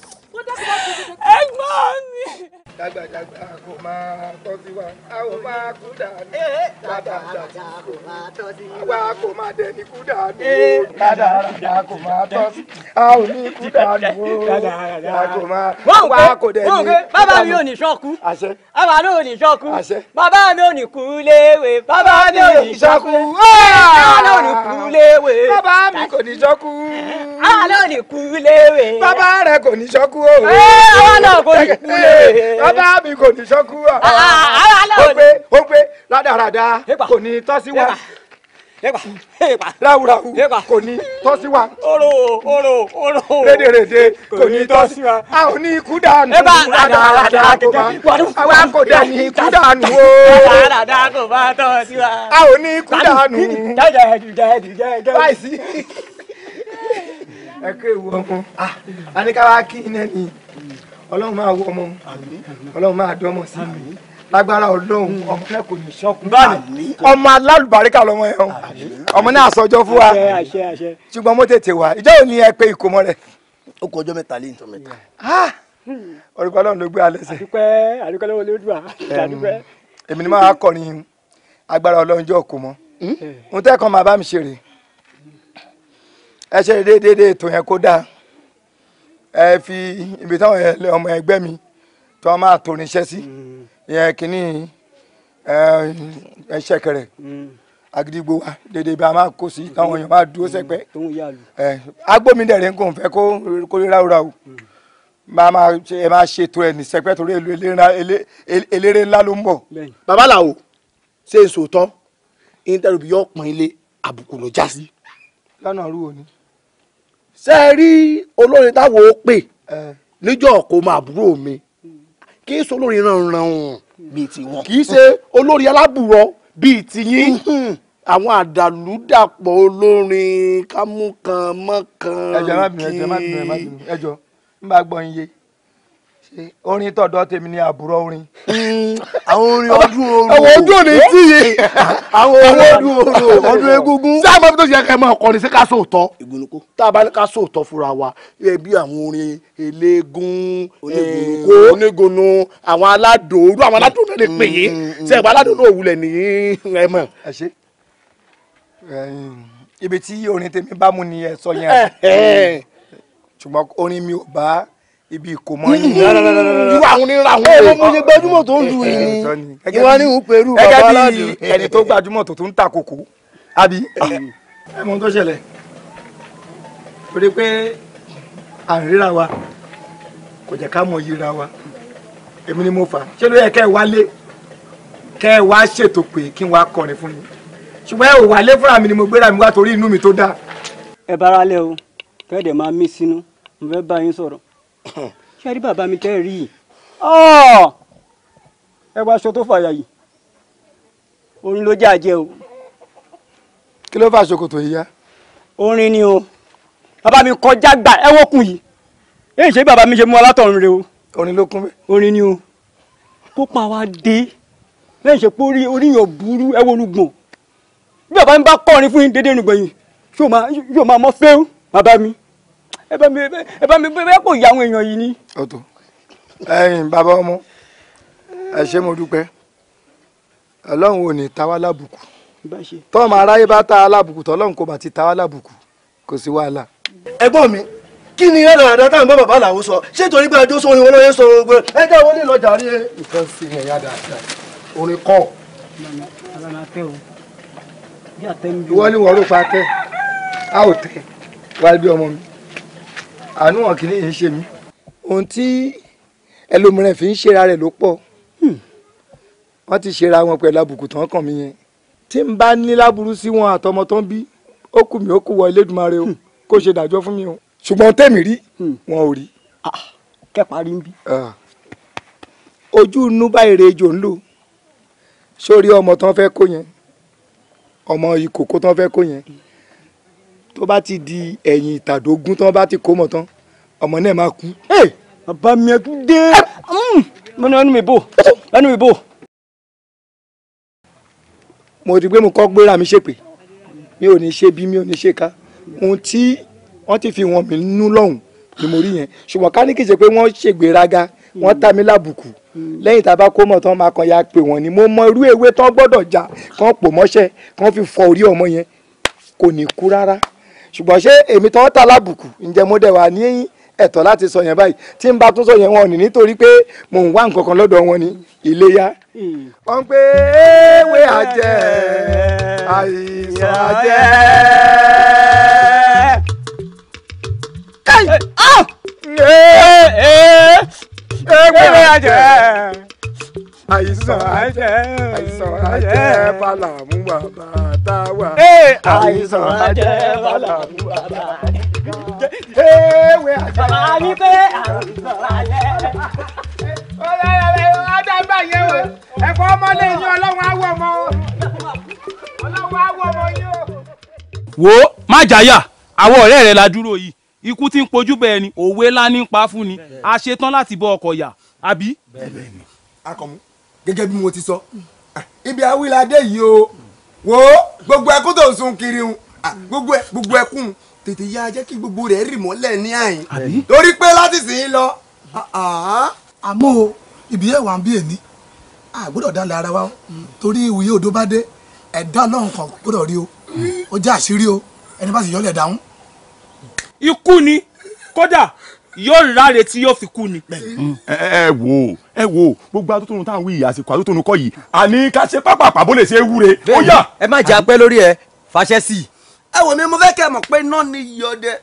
S2: dàgbàdàgbà kò máa tọ́ sí wa àwọn máa kú dànù. Eh, eh. dàgbàdàgbà kò máa tọ́ sí wa. àwa kò máa
S1: dẹni kú dànù. Eh, dàgbàdàgbà
S2: kò máa tọ́ sí. a ò ní kú dànù. dàgbàdàgbà kò máa. wọ́n kò kò dẹni. wọ́n kò bàbá mi ò
S3: ní sọ́kú. bàbá mi ò ní sọ́kú. bàbá mi ò ní kú léwe. bàbá mi ò ní sọ́kú. bàbá mi ò ní kú ah! léwe. bàbá mi kò ní sọ́kú.
S2: bàbá rẹ̀ kò ní sọ́kú o. bàbá náà kò ní kú léwe bàbá mi kò ní sọ́kú wa. Ah, ah, ah, ó gbé ó gbé ládàradà kò ní tọ́sí wa láwùráwù kò ní tọ́sí wa. oro oro oro. rédèrèdè kò ní tọ́sí wa. a ò ní ikú dànù. ẹ bá àdàràdà kò bá àwa kò dẹ̀ ní ikú dànù o. àdàràdà
S3: kò bá tọ́sí
S1: wa. a
S2: ò ní ikú dànù. báyìí
S3: ẹ kú ewu ọmọ
S2: a ní ká wá kí iná ni ọlọ́run máa wọ ọmọ ọlọ́run máa dán ọmọ sí i lágbára ọlọ́run mm. ọmọ náà kò ní sọ́kùn báyìí ọmọ alálùbáríkà lọmọ ẹ̀ hàn ọmọ náà sọjọ́ fún wa ṣùgbọ́n mo tètè wá ìjọ òní ẹ pé ìkómọ rẹ. ó kọ ọjọ́ mẹ́ta lé ìtọ́ mẹ́ta. orúkọ ọlọ́run ló gbé alẹ́ sẹ́. àdúpẹ́ àdúpẹ́ lọ́wọ́ ló dùn à. èmi ni máa kọrin agbára ọlọ́run jọ kó mọ́ mm. ohun tẹ́kọ̀ọ́ máa bá mi ṣe rè ṣe déédéé ètò yẹn kó dáa ẹ fi ibi táwọn ọmọ ẹgbẹ́ mi tí wọ́n máa torin iṣẹ́ sí mm. ìyẹn kínní ẹ ṣẹ̀kẹ̀rẹ̀ mm. agidigbo wa dèdè bí a máa kó sí táwọn èèyàn máa dúró mm. sẹ́pẹ́ agbómìnirẹ̀ ń kò fẹ́ kó rí ráúráú máa máa ẹ máa ṣètò ẹ ní sẹpẹ torí eléré ńlá ló ń bọ̀. babaláwo ṣe é sòótọ́ intanet yóò pọn ilé àbùkù ló já sí. lánàá rú òní ṣe é rí olórin táwọn ó pè níjọ́ kó máa àbúrò mi hmm. kì í ṣe olórin ránran bíi tiwọn kì í ṣe olórin alábùrọ̀ bíi tiyín hmm. àwọn àdàlúdàpọ̀ olórin kámúkan mọ́kan kí. ẹjọ má bínú ẹjọ má bínú ẹjọ ń bá gbọ́ iye orin tọ̀dọ̀ tèmi ni àbúrò orin àwọn orin ọdún ooru àwọn ojú òní tí yé àwọn orin ọdún ooru ọdún egungun. sáà mọ́ bí tó ṣe kẹ́ ẹ máa kọrin sí ká sóòótọ́. ìgbónukó tá a bá ní ká sóòótọ́ fúnra wa bí àwọn orin eléégún onígbònukó eh, onígbònu àwọn aládòórú àwọn aládòórú náà lè pè é ṣe ìgbà aládòórú òwúlẹ̀ ní ẹ mọ̀. ẹ ṣe ibi tí orin tèmi bá mú ni ẹ sọ yẹn ṣùgbọ́n orin mi ò bá ibi ìkómọ yìí ìwà àwọn onírà àwọn èèyàn. ọmọ yẹn gbajúmọ̀ tó ń lu ìní ìwà ní ìpẹ̀rù bàbá aládùn. gẹ́gẹ́ bí ẹni tó gbajúmọ̀ tó ń ta kòkó àbí. ẹ mọ ohun tó ṣẹlẹ̀ torí pé à ń ríra wa kò jẹ́ ká mọ yíra wa èmi ni mo fà ṣé ló yẹ kẹ́ ẹ wálé kẹ́ ẹ wá ṣètò pé kí n wá kọrin fún mi ṣùgbọ́n ẹ ò wálé fúnra mi ni mo gbéra mi wá torí inú mi tó dáa. ẹ bára lẹ o kẹ́ẹ̀dẹ̀ máa mí sínú mo fẹ́ bá yín sọ̀rọ̀ ṣé ẹ rí bàbá mi tẹ́ ẹ rí yìí ẹ wá aṣọ tó fàyà yìí orin ló jẹ́ o. kí ló fà ṣòkòtò yìí yá. orin ni o bàbá mi kọjá gbà ẹ wọ́kùn yìí èyí ṣe bàbá mi ṣe mú alátọ̀run rẹ o. orin ló kún bẹ́ẹ̀. orin ni o kó pa wá dé lẹ́yìn ṣe pé orí oríyàn burú ẹ wo olùgbọ̀n bí bàbá mi bá kọrin fún yín dédé nùgbọ̀n yìí yóò máa mọ́ fẹ́ bàbá mi ẹ bá mi ẹ bá mi bẹ́ẹ̀ kò yá àwọn èèyàn yìí ni. ó tó ẹ̀yin bàbá ọmọ ẹ ṣé mo dúpẹ́ ọlọ́run ò ní ta wá lábùkù tọ́ọ̀mù aráyé bá ta alábùkù tọ́lọ́run kò bá ti ta lábùkù kò sí wàhálà. ẹ̀gbọ́n mi kí ni ẹ̀rọ àdá táwọn bá bàbá làwọn sọ ṣé torí pé ajó sórin wọn lóye sọ gbogbo ẹ jẹ́ wọlé lọ jàre. nǹkan sí ni ẹ̀yà dáadáa orin kọ́. ìwọ ni wọ́n ló pa tẹ́ a ò tẹ́ wá bí ọmọ mi àánú hàn kìíní yìí ń ṣe mí. ohun tí ẹlòmíràn fi ń ṣera rẹ̀ ló pọ̀ hmm. wọ́n ti ṣera wọn pẹ̀lú àbùkù tán kàn mí yẹn tí n bá ní láburú sí wọn àtọmọ tán bí ó kù mí ó kù wọ Elédùmarè o hmm. kó ṣe dájọ́ fún mi o ṣùgbọ́n tèmi rí hmm. wọn ò rí. Ah, kẹ́pà rí ń bí. ojú inú bá èrè ejò ń lò sórí ọmọ tán fẹ́ kó yẹn ọmọ ìkòkò tán fẹ́ kó yẹn. Mm tó bá ti di ẹ̀yìn ìtàdógún tó bá ti kó mọ̀ tán ọmọ náà máa kú. bàbá mi ẹkú dé ah, mm. ẹnu mi bò ẹnu mi bò. mo ti gbé mu kọ́ gbéra mi ṣépè mi ò ní ṣe bí mi ò ní ṣe ká ohun tí wọ́n ti fi wọ́n mi nú lọ́hùn ni mo rí yẹn ṣùgbọ́n ká ní kì í ṣe pé wọ́n ṣègbéraga wọ́n ta mi lábùkù lẹ́yìn tá a bá kó mọ̀ tán máa kàn ya pé wọ́n ni mo mọ irú ewé tán gbọ́dọ̀ jà kán pò mọ́ṣẹ́ kán fi fọ orí ọmọ yẹn kò ní kú rárá ṣùgbọ́n ṣé èmi tó ta lábùkù ǹjẹ́ mo dẹ̀ wà ní ẹ̀tọ́ láti sọ yẹn báyìí tí n bá tún sọ yẹn wọn ni nítorí pé mò ń wá nǹkan kan lọ́dọ̀ wọn ni ìléyá. wọ́n ń pe ewé àjẹ́
S3: àìsàn àjẹ́. Ah! ewé
S2: àjẹ́ àìsàn àjẹ́ àìsàn àjẹ́ bàlàmú bàbá tá a wà. àìsàn àjẹ́ bàlàmú bàbá
S3: ewé àjẹ́ àyí pé àìsàn àjẹ́. ọlọ́yàrá
S2: adágbà yẹn o ẹ̀fọ́ ọmọlé yín ọlọ́run á wọ̀ ọmọ ọlọ́run á wọ̀ ọmọ yín o. wo má jáyà àwọn ọ̀rẹ́ rẹ̀ la dúró yìí ikú tí ń pojú bẹ́ẹ̀ ni òwe lá ní pa fún ni a ṣetán láti bọ ọkọ̀ yà àbí. bẹ́ẹ̀ bẹ́ẹ̀ ni akọ̀mú gẹ́gẹ́ bí mo ti sọ ah, ibi awilade yìí o wo gbogbo ẹkún tó ń sun kiri ń ah, gbogbo ẹkún tètè yá jẹ́ kí gbogbo rẹ̀ rì mọ́lẹ̀ ní àyìn torí pé láti sìn lọ. Ah, àmọ́ o ibi yẹn wà ń bí èmi àgbọ́dọ̀ dá lára wa torí ìwúyẹ́ odò bá dé ẹ̀dá náà kan gbọ́dọ̀ rí o ó jẹ́ àṣírí o ẹni bá sì yọlẹ̀ dáhùn. ikú ni kódà yóò ráre tí yóò fi kú ni. ẹ wo ẹ wo gbogbo atótónu táwọn wí àsìkò atótónu kọ yìí àní ká ṣe pápá àpàbó lè ṣe é wúre ó yà. ẹ má jẹ́ apẹ́ lórí ẹ fàṣẹ sí i. ẹ wò mí mo fẹ́ kẹ́ mọ̀ pé iná ni yọdẹ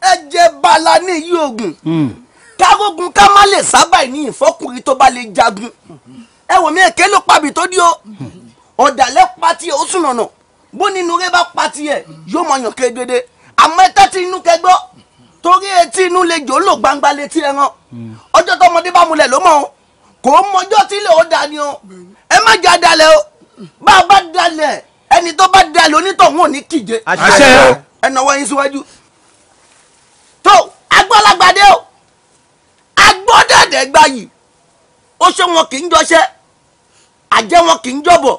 S2: ẹ jẹ́ bala ní ìyí ogun hmm. kágógun ká má lè sábà ní ìfọkùnrin tó bá lè jagun ẹ wò mí èké ló pabì tó di o ọ̀dàlẹ̀ pati ó sùn nànà bó nínú rẹ bá pati ẹ yóò mọ̀ yàn kedede àmọ́ ẹ tẹ́tí inú kẹgbọ́ torí etí inú lè jò ó lò gbangba létí ẹran ọjọ́ tọmọdé bá múlẹ̀ ló mọ̀ o kò mọjọ́ tí ilé ó da o ẹ má jẹ́ adalẹ̀ o bá a bá dalẹ̀ ẹni tó bá dalẹ̀ onítọ̀hún ò ní kíje àṣẹ ẹ nọwọ́ yín síwájú tó agbọ́lagbadé o agbọ́dẹ̀dẹ̀ gbayì ó ṣe wọn kì í jọṣẹ́ àjẹ́ wọn kì í jọ̀bọ̀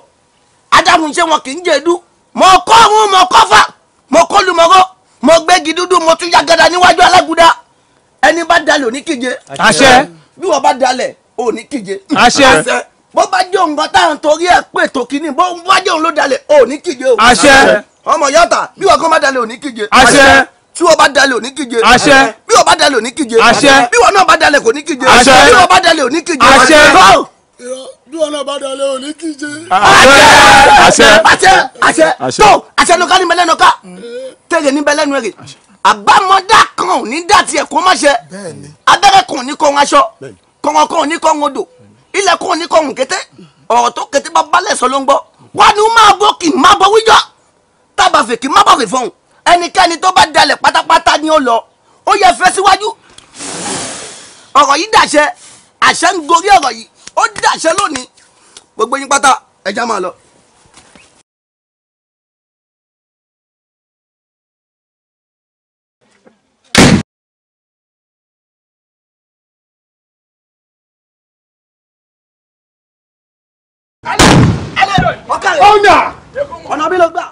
S2: adáhunṣe wọn kì í jẹ̀dú mọ̀ọ́kọ́ ọ̀hún mọ̀ọ́kọ́ fà mo gbégi dúdú mo tún yagada níwájú alágúdá ẹni bá dalẹ̀ òní kíje. àṣẹ. bí wọ́n bá dalẹ̀ òní kíje. àṣẹ. bó bá jẹ́ òǹkan táwọn torí ẹ̀ pé tòkínní bó bá jẹ́ òun ló òní kíje àṣẹ. ọmọ yọta bí wọ́n kọ́ bá dalẹ̀ òní kíje. àṣẹ. tí wọ́n bá dalẹ̀ òní kíje. àṣẹ. bí wọ́n bá dalẹ̀ òní kíje. àṣẹ. bí wọ́n náà bá dalẹ̀ kò ní kíje. àṣẹ. bí wọ́n bá dalẹ̀ òní kíje. àṣẹ bí wọn náà bá dalẹ̀ ò ní kíje. Ah, àṣẹ àṣẹ àṣẹ àṣẹ tó àṣẹ ló ká ní bẹlẹ́nu ká tẹ̀lé ní bẹlẹ́nu rẹ̀ àbámọ́dá kan ò ní dá tiẹ̀ kó má ṣe abẹ́rẹ́ kan ò ní kó ń aṣọ kọ̀ọ̀kan kan ò ní kó ń odò ilẹ̀ kan ò ní kó ń kété ọ̀rọ̀ tó kété bá balẹ̀ sọ ló ń gbọ́ wọn ni máa bọ́ kì í má bọ́ wíjọ́ tábàfẹ́ kì í má bọ́ fẹ́ fọ́hùn ẹnikẹ́ni tó bá dalẹ̀ pátápátá ni ó lọ ó yẹ fẹ́ síwájú ọ̀rọ̀ yìí dàṣẹ àṣẹ ń gorí ọ̀rọ̀ yìí ó dàṣẹ lónìí gbogbo yín pátá ẹja máa lọ. ọ̀nà ọ̀nà bí ló gbà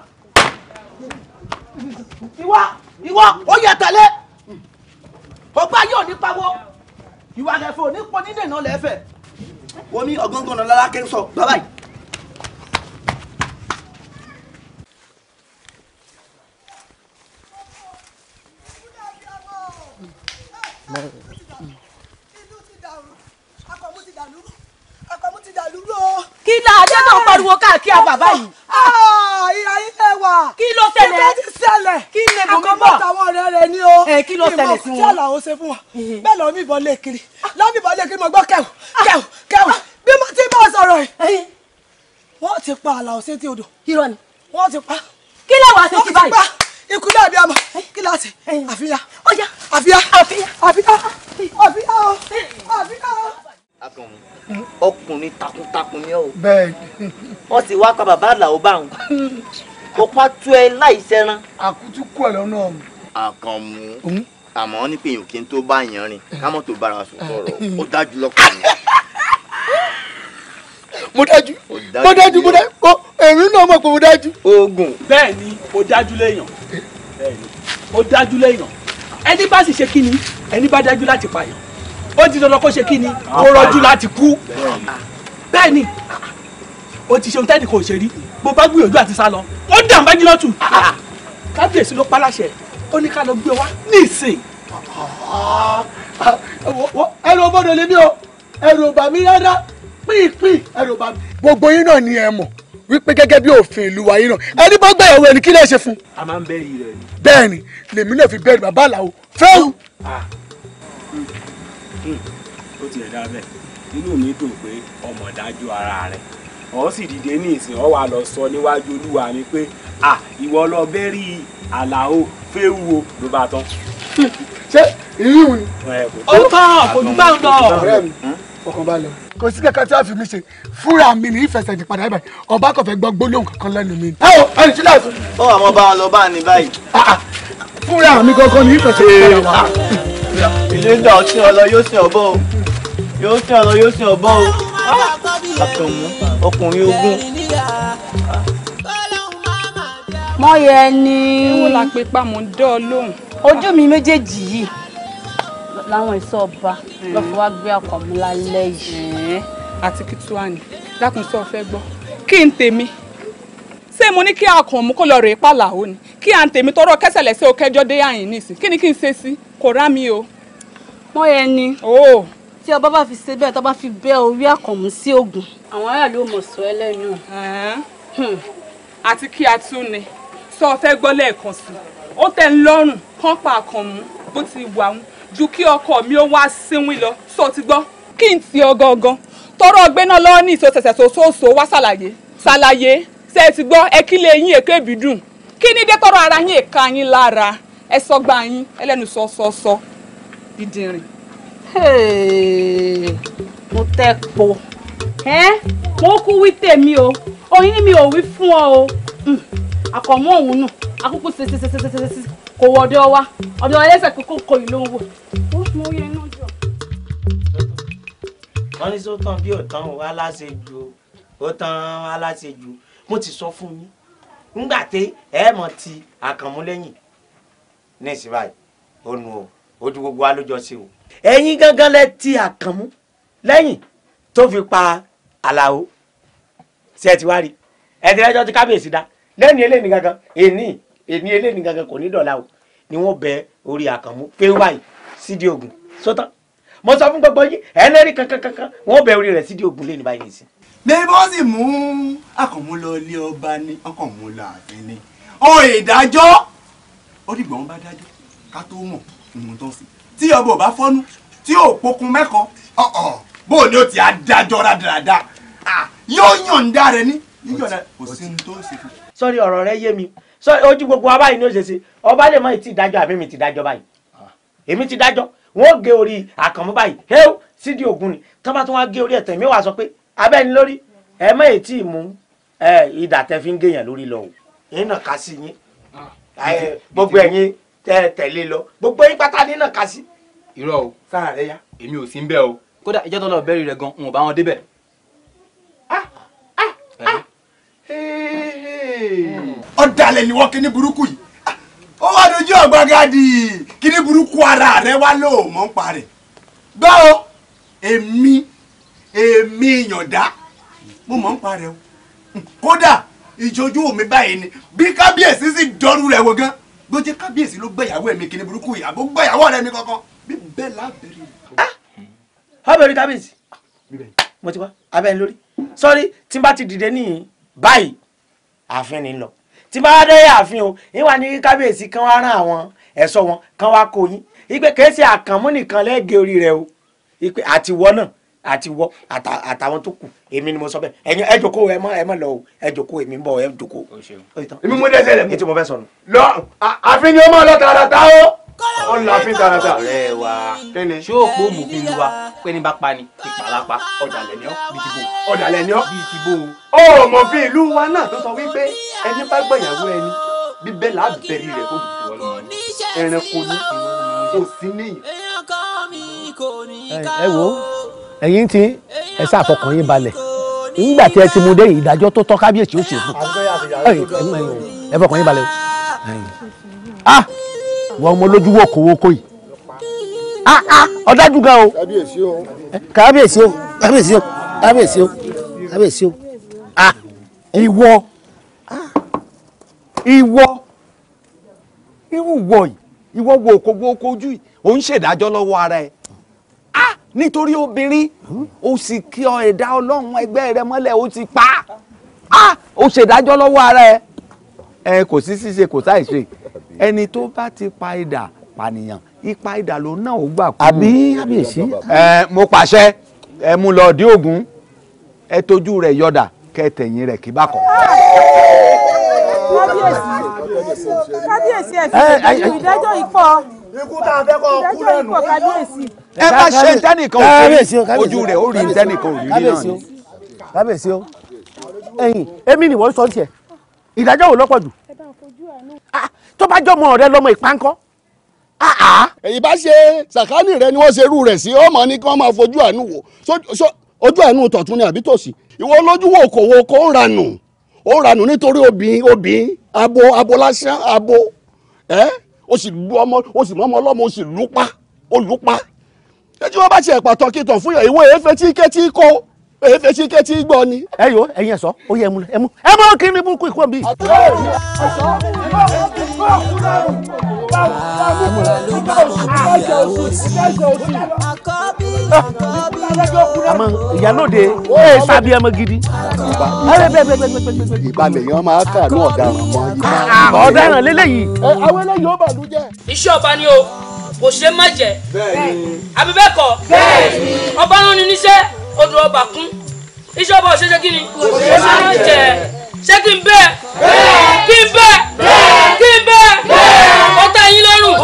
S2: ìwọ ìwọ ó yẹ tẹ̀lé ọgbà yóò ní pawó ìwà rẹ̀ fò ní pọ̀ nídènà lẹ́fẹ̀ẹ́ wọ́n ní ọgọ́ngàn náà lálákẹ́ ń sọ bàbá yìí.
S1: Mẹ́rin.
S3: dàlúrò. kí la ajé náà pariwo káàkiri àbàbà yìí. Ah! ìyá yín lè wà. kí ló ṣẹlẹ̀. kí ló ti ṣẹlẹ̀. kí lè bomi bọ̀. àkọ́kọ́ táwọn ọ̀rẹ́ rẹ̀ ni o. ẹ eh, kí ló ṣẹlẹ̀ sí wọn. ìmọ̀ tí àlàó ṣe fún wa. Eh. bẹ́ẹ̀ lọ́ọ́ mi ìbọn lè kiri. Ah. lọ́ọ́ mi ìbọn lè kiri mo gbọ́
S2: kẹ̀wù ah. kẹ̀wù kẹ̀wù bí mo ti bá sọ̀rọ̀ yìí. Eh. wọ́n ti pa àlàó sétí odò. irọ́ ni. wọ́n ti pa. kí lè wàá ṣe ti báyìí. ikú dàbí àmọ́ kí láti
S3: àfihàn àfihàn àfihàn àfihàn àfihàn àfihàn Hmm.
S2: ọkùnrin takuntakun ni ọ ọ sì wá pa bàbá àlàó bá wọn kò pa tú ẹ láìsẹran. àkútú kú ẹ lọ́nà mi. àkànmú àmọ́ ní pé èèyàn kí n tó bá yàn rìn ká mọ̀ tó bára sọ̀rọ̀ ó dájú lọ́kùnrin. mo dájú mo dájú mo dájú kó èmi náà mọ̀ pé mo dájú. oògùn. bẹ́ẹ̀ ni mo dájú léèyàn bẹ́ẹ̀ ni mo dájú léèyàn ẹni bá sì ṣe kí ni ẹni bá dájú láti pààyàn ó ti dandan kó ṣe kí ni ó rọjú láti kú bẹ́ẹ̀ ni ó ti ṣe ohun tẹ́nì kò ṣe rí bó bá gbìyànjú àti sá lọ ó dàn bá jìnnà tù kábíyèsí ló paláṣẹ ó ní ká lọ gbé wa ní ìsìn. ẹrù ọgbọ́dọ̀ lèmi o ẹrù ọba mi rárá pínpín ẹrù ọba mi. gbogbo yín náà ni ẹ mọ̀ wípé gẹ́gẹ́ bí òfin ìlú wa yín náà ẹni bá gbàyàwó ẹni kí lè ṣe fún. a máa ń bẹ́ẹ̀rì rẹ ni. bẹ́ẹ̀ ni lèmi náà fi bẹ́ẹ̀rì bàbá àlàó fẹ́ẹ́ ah. Hmm. ó tiẹ̀ dá bẹ́ẹ̀ inú mi dùn pé ọmọ dájú ara rẹ̀ ọ̀ sì dìde ní ìsìn ọ̀ wà lọ sọ níwájú olúwa mi pé à ìwọ lọ bẹ́rí àlàó fẹ́wù o ló bá tán. ṣé ìrìwù ni. ó tọ́ kò ní báwọn lọ. ọ̀rẹ́ mi fọkàn balẹ̀ kò sí kankan tí wàá fi mi ṣe fúnra mi ní ìfẹsẹ̀dì padà ibà ọba kò fẹ́ gbọ́ gbólóhùn kankan lẹ́nu mi. ẹ o ẹni tí láì fún. ó àwọn ọba lọ bá ní báyìí. Ah, ah fúnra mi gangan ní ìfẹsẹ̀ ìfẹ́ wa. ìlú ìdá ọtí ọlọ yóò sìn ọbọ o yóò sìn ọlọ yóò sìn ọbọ o àtọmú ọkùnrin ogun. mọ́yẹ ni. ewu la pe pa mò lóhùn. ojú mi méjèèjì yìí láwọn ìṣọ́ ọba lọ́ fi wá gbé ọkọ̀ mi lálẹ́ yìí. àti kí tí wàá ní dákun kí n tèmi ṣé mo ní kí akàn mú kó lọ rèé pàlàó ni kí à ń tèmi tọrọ kẹsẹlẹsẹ o kẹjọ dé àyìn nìsín
S3: kí ni kí n ṣe sí kò rá mi o. mọ ẹni tí ọba bá fi ṣe bẹ́ẹ̀ tó bá fi bẹ́ orí àkànmú sí ogun. àwọn aráàlú ò mọ̀ sọ ẹlẹ́nu. Hmm.
S2: àti kí a tún ni sọ fẹ́ gbọ́ lẹ́ẹ̀kan sí ó tẹ́ ń lọ́rùn kán pa àkànmú bó ti wà ń ju kí ọkọ mi ó wá síwìn lọ sọ ti gbọ́ kí n ti ọgangan tọrọ ọgbẹ́ náà lọ́wọ́ ní ìsọsẹ̀sẹ̀ tó sóòsó wá ṣàlàyé ṣàlàyé ṣe ti gbọ́ ẹ kí lè yín èké ìbídùn kí ní dẹ́kọ̀rọ̀ ara yín èka yín lára ẹ sọ gba yín ẹlẹ́nu sọ sọ sọ dídìrín. mo tẹ́ po mo kú wí tèmi o oyin ni mi ò wí fún ọ o hmm, àkànmọ́ òun nù akúkú ṣe ṣe ṣe ṣe ṣe ṣe kò wọ ọ̀dọ̀ wa
S3: ọ̀dọ̀ ẹlẹ́sẹ̀ kókó kò yìí ló ń wò ó mú oyè inú jọ.
S2: wọ́n ní sọ́tàn bí ò tán o aláṣejù o tán aláṣejù o mo ti sọ fún yín ńgbà tẹ ẹ mọ ti àkànmú lẹ́yìn ní ìsìn báyìí o ojú gbogbo wa ló sí o. ẹ̀yin gangan lẹ ti àkànmú lẹ́yìn tó fi pa àlàó sí ẹ ti wá rí ẹ ti rẹjọ ti kábíyèsí dá lẹ́ni eléni gangan èní èní eléni gangan kò ní dọ̀la o ni wọ́n bẹ orí àkànmú pé wáyé sídìí ogun sótán mo sọ fún gbogbo yín ẹ lẹ́rìí kankan kankan wọ́n bẹ orí rẹ̀ sídìí ogun lẹ́nu báyìí nìsín bẹ́ẹ̀ sì mú akọ̀mú lọ ilé ọba ní ọkọ̀mú lọ àfin ni ọ ìdájọ́ ó dìgbà wọn bá dájọ́ ká tó mọ̀ ohun tó ń sìn tí ọba ò bá fọ́nú tí ò pokun mẹ́kọ̀ọ́ ọ̀ọ̀ bó o ní o ti á dájọ́ rádaràda yóò yọ̀ǹda rẹ ní yíyọ̀ǹda kò sí ohun tó ń sìn fún. sọ́rí ọ̀rọ̀ rẹ yé mi sọ́rí ojú gbogbo wa báyìí ni ó ṣe ṣe ọba lè mọ ìtì ìdájọ́ àbí mi ti dájọ́ báyìí èmi ti dájọ́ wọn ò gé orí àkànmú báyìí sídìí ògùn ni tọ́ bá wá gé orí ẹ̀tẹ̀ mi wà sọ pé abẹ́ni lórí ẹ mọ ètí mú ìdà tẹ fi ń gèèyàn lórí lọ o nínà ká sí yín ah. gbogbo ẹ̀yin tẹ tẹ̀lé lọ gbogbo yín pátá nínà ká sí. irọ́ o sára rẹ yá. èmi ò sí ń bẹ́ o kódà ìjọ́ tó lọ bẹ́ẹ̀rì rẹ̀ gan n ò bá wọn débẹ̀. Ah, ah, ọ̀dàlẹ̀ ni wọ́n kíní burúkú yìí ó wá dojú ọ̀gbagadì kíní burúkú ara rẹ wá lóò mọ́ ń gbọ́ èmi èmi ìyàndá mo mọ̀ ń parẹ́ o kódà ìjọjú mi báyìí ni bí kábíyèsí sì dọ́rù rẹ̀ wò gan bó jẹ́ kábíyèsí ló gbẹ̀yàwó ẹ̀mí kìnnì burúkú ìyàbó gbẹ̀yàwó rẹ̀ mi kankan bí bẹ́ẹ̀ lábẹ́rẹ́ rẹ̀. ọbẹ̀rẹ̀ kábíyèsí mo ti wá abẹ́ lórí sọ́rí tí n bá ti dìde níyìn báyìí ààfin ni lọ tí n bá dé ààfin o yín wà ní kábíyèsí kan wá rán àwọn ẹ̀ṣọ́ wọn kan wá kó yín ìpè kèé ṣe àkànmú nìkan lẹ́gẹ̀ẹ́ orí rẹ o ìpè àtiwọ́ náà àti wọ àtàwọn tó kù èmi ni mo sọ bẹ́ẹ̀ ẹ̀yin ẹ jòkó ẹ má ẹ má lọ o ẹ jòkó èmi ń bọ̀ ẹ jòkó. èmi mú dẹ́sẹ̀ rẹ̀ mú. ètò mo fẹ́ sọnù. lọ àfin ni ó máa lọ tààràtà o. ó lọ àfin tààràtà. ọ̀rẹ́ wa ṣé o pò mú bíi wa pé ní bá pa ni ìpàlápa ọ̀dàlẹ̀ ni ọ́ bíi ti bò. ọ̀dàlẹ̀ ni ọ́ bíi ti bò. ó mọ̀ fi ìlú wa náà tó sọ wípé ẹni bá gbẹ̀yàwó ẹni bíbẹ́ làá bẹ̀rẹ̀ rẹ̀ fún ẹranko ní òsín níyì. ẹ ẹ̀yin tí ẹ ṣáà fọkàn yín balẹ̀ nígbà tí ẹ ti mú dé ìdájọ́ tó tọ́ kábíyèsí ó ṣe fún ẹ fọkàn yín balẹ̀ ah wọ́n ọmọ lójú wò kówó kó yìí ah ah ọ̀dájú gan o kábíyèsí o kábíyèsí o kábíyèsí o kábíyèsí o kábíyèsí o ah ìwọ ìwọ irú wọ yìí ìwọ wò kówó kójú yìí ò ń ṣèdájọ́ lọ́wọ́ ara ẹ̀ nítorí obìnrin ó sì kí ọ ẹ̀dá ọlọ́run ẹgbẹ́ rẹ mọ́lẹ̀ ó ti pa á ó ṣèdájọ́ lọ́wọ́ ara ẹ kò sí ṣíṣe kò sáì ṣe ẹni tó bá ti pa idà pànìyàn ipa idà ló náà ó gbà kú. àbí àbíyèsí. ẹ mo pàṣẹ ẹ mú lọ dí ògún ẹ tójú rẹ yọdà kẹtẹyìn rẹ kí bá kọ.
S3: kábíyèsí ẹ ti ṣèdájọ́ ìdájọ́ ikọ̀
S2: ìdájọ́ ikọ̀ kábíyèsí ẹ bá ṣe ntẹnìkan òfin ojú rẹ ó rí ntẹnìkan òfin náà ni. kábíyèsí o ẹ̀yin èmi ni wọ́n sọ ń tiẹ̀ ìdájọ́ wo lọ́pọ̀ jù ah, tó bá jọmọ rẹ lọmọ ìpánkọ́ èyí ah, ah. bá ṣe sàkánì rẹ ni wọ́n ṣe irú rẹ̀ sí ọmọ ní kí wọ́n máa fojú àánú wò ojú àánú tọ̀tún ni àbí tòsí ìwọ lójú wo okòwò kò ń ranù ó ń ranù nítorí obìnrin obìnrin abo abo lásán abo ẹ ó sì lu ọmọ ó sì mọ ọmọ ọlọ́mọ ó sì lù pa ó lù pa ṣé tí bá ṣe pàtó kìtọ̀ fún yàn ìwọ èéfẹ́ tí ké tí kó èéfẹ́ tí ké tí gbọ́ ni. ẹ yòó ẹyin ẹ ó yẹ ẹmu ẹmu ẹmu kí ni burúkú ìkú mi. àmọ́ ìyálóde ẹ sábì ẹmọ gidi. ìbalẹ̀ yẹn máa kà ní ọ̀daràn mọ́. Ah, ọ̀daràn lélẹ́yìí. iṣẹ́ ọba ni
S3: o kò ṣe má jẹ àbí bẹ́ẹ̀ kọ́ ọba rán ni níṣẹ́ odò ọba kún iṣẹ́ ọba òṣèṣe kí ni kò ṣe má jẹ ṣé kí n bẹ́ẹ̀ kí n bẹ́ẹ̀ kí n bẹ́ẹ̀ ọ̀tá yín lọ́rùn.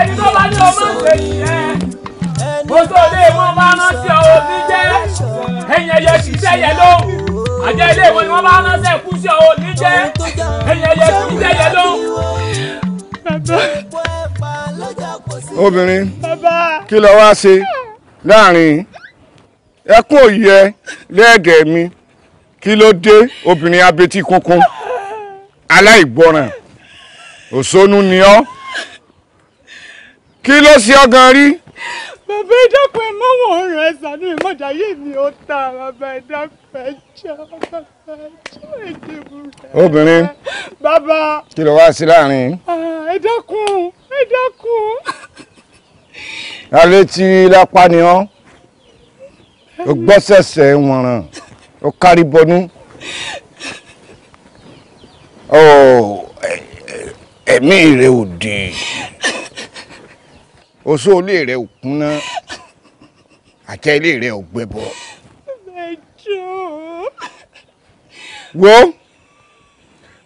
S3: ẹni tó bá ní ọmọ ìgbẹ́ yìí ẹ ojú ọdẹ wọn bá rántí ọwọ́ jẹ ẹ̀yìn ẹyẹ kì í sẹyẹ lóhùn
S2: àjẹ ilé ìwọ ni wọn bá ránṣẹ́ kú sí jẹ ẹ̀yìn ẹyẹ kì í sẹyẹ lóhùn.
S3: obìnrin kí ló wá
S2: ṣe láàrin ẹkún òye lẹ́ẹ̀dẹ̀ mi kí ló dé obìnrin abetí kunkun aláìgbọràn òṣónú ni ọ kí ló ṣe ọ rí bàbá ẹ dákun ẹ mọ́wọ́ ọ̀rọ̀ ẹ sànú ìmọ̀jà yìí mi ó ta bàbá ẹ dákun ẹ jẹ́
S3: bàbá ẹ jẹ́ èdè
S2: burúkú. obìnrin bàbá kí ló wá sí láàrin.
S3: ẹ dákun ẹ dákun.
S2: alẹ́ tí lápá ni ọ́ ó gbọ́sẹ̀sẹ̀ wọ̀nràn ó kárí bọnú ẹ̀mí rẹ̀ ò dì í oṣó ilé rẹ ò kúnná àtẹ ilé rẹ ò gbẹbọ. wo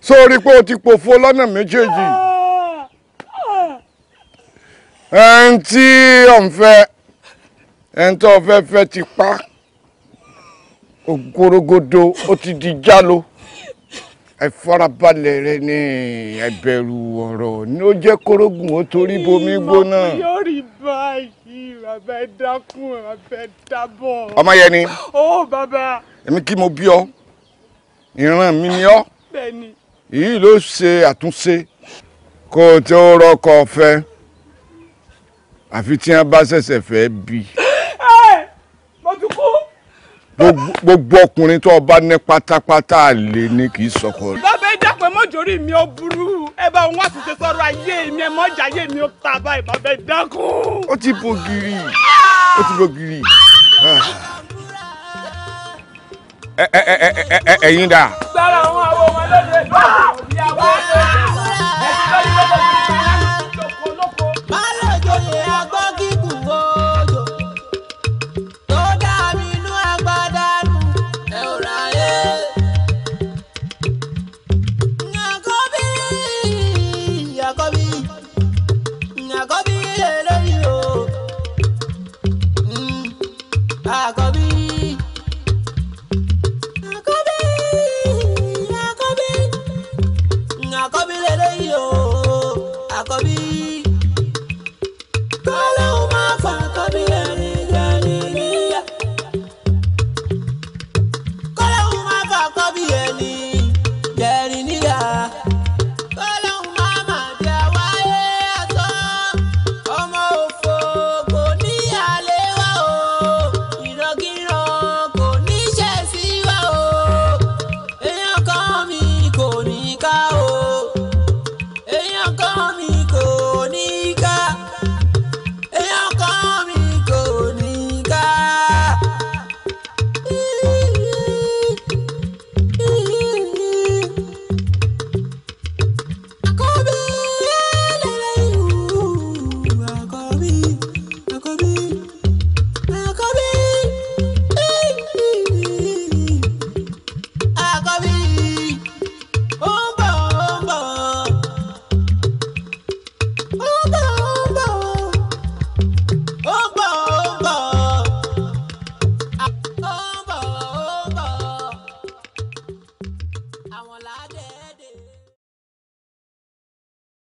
S2: sórí pé o ti pòfo lọ́nà méjèèjì ẹn tí ọ̀nfẹ́ ẹn tó ọ̀fẹ́ fẹ́ ti pa ògorogodo ó ti di jálo ẹ farabalẹ̀ rẹ ní ẹbẹ̀rù ọ̀rọ̀ ni ó jẹ́ kórógùn ó torí bomi gbóná. ìmọ̀
S3: yóò rí báyìí bàbá ẹ dákun bàbá ẹ dábọ̀. ọmọ yẹn ni. ó bàbá.
S2: èmi kí mo bí ọ ìran mi ni ọ. bẹ́ẹ̀ni. èyí ló ṣe àtúnṣe kó o tó rọkọ fẹ́ àfi tí wọn bá ṣẹ̀ṣẹ̀ fẹ́ bí gbogbo ọkùnrin tó bá ní pátápátá lè ní kì í sọkọ. bàbá ẹ dápẹ́ mọ́jọ́rí mi ó burú ẹ bá wọn àti ṣe ayé mi ẹ mọ́jà ayé mi ó ta báyìí bàbá ẹ ó ti bo giri ó ti bo giri. ẹ̀yin dà. gbára àwọn àwọn ọmọ lọ́dọ̀ ẹ̀ lọ́dọ̀ ah! ìyàwó ẹ̀.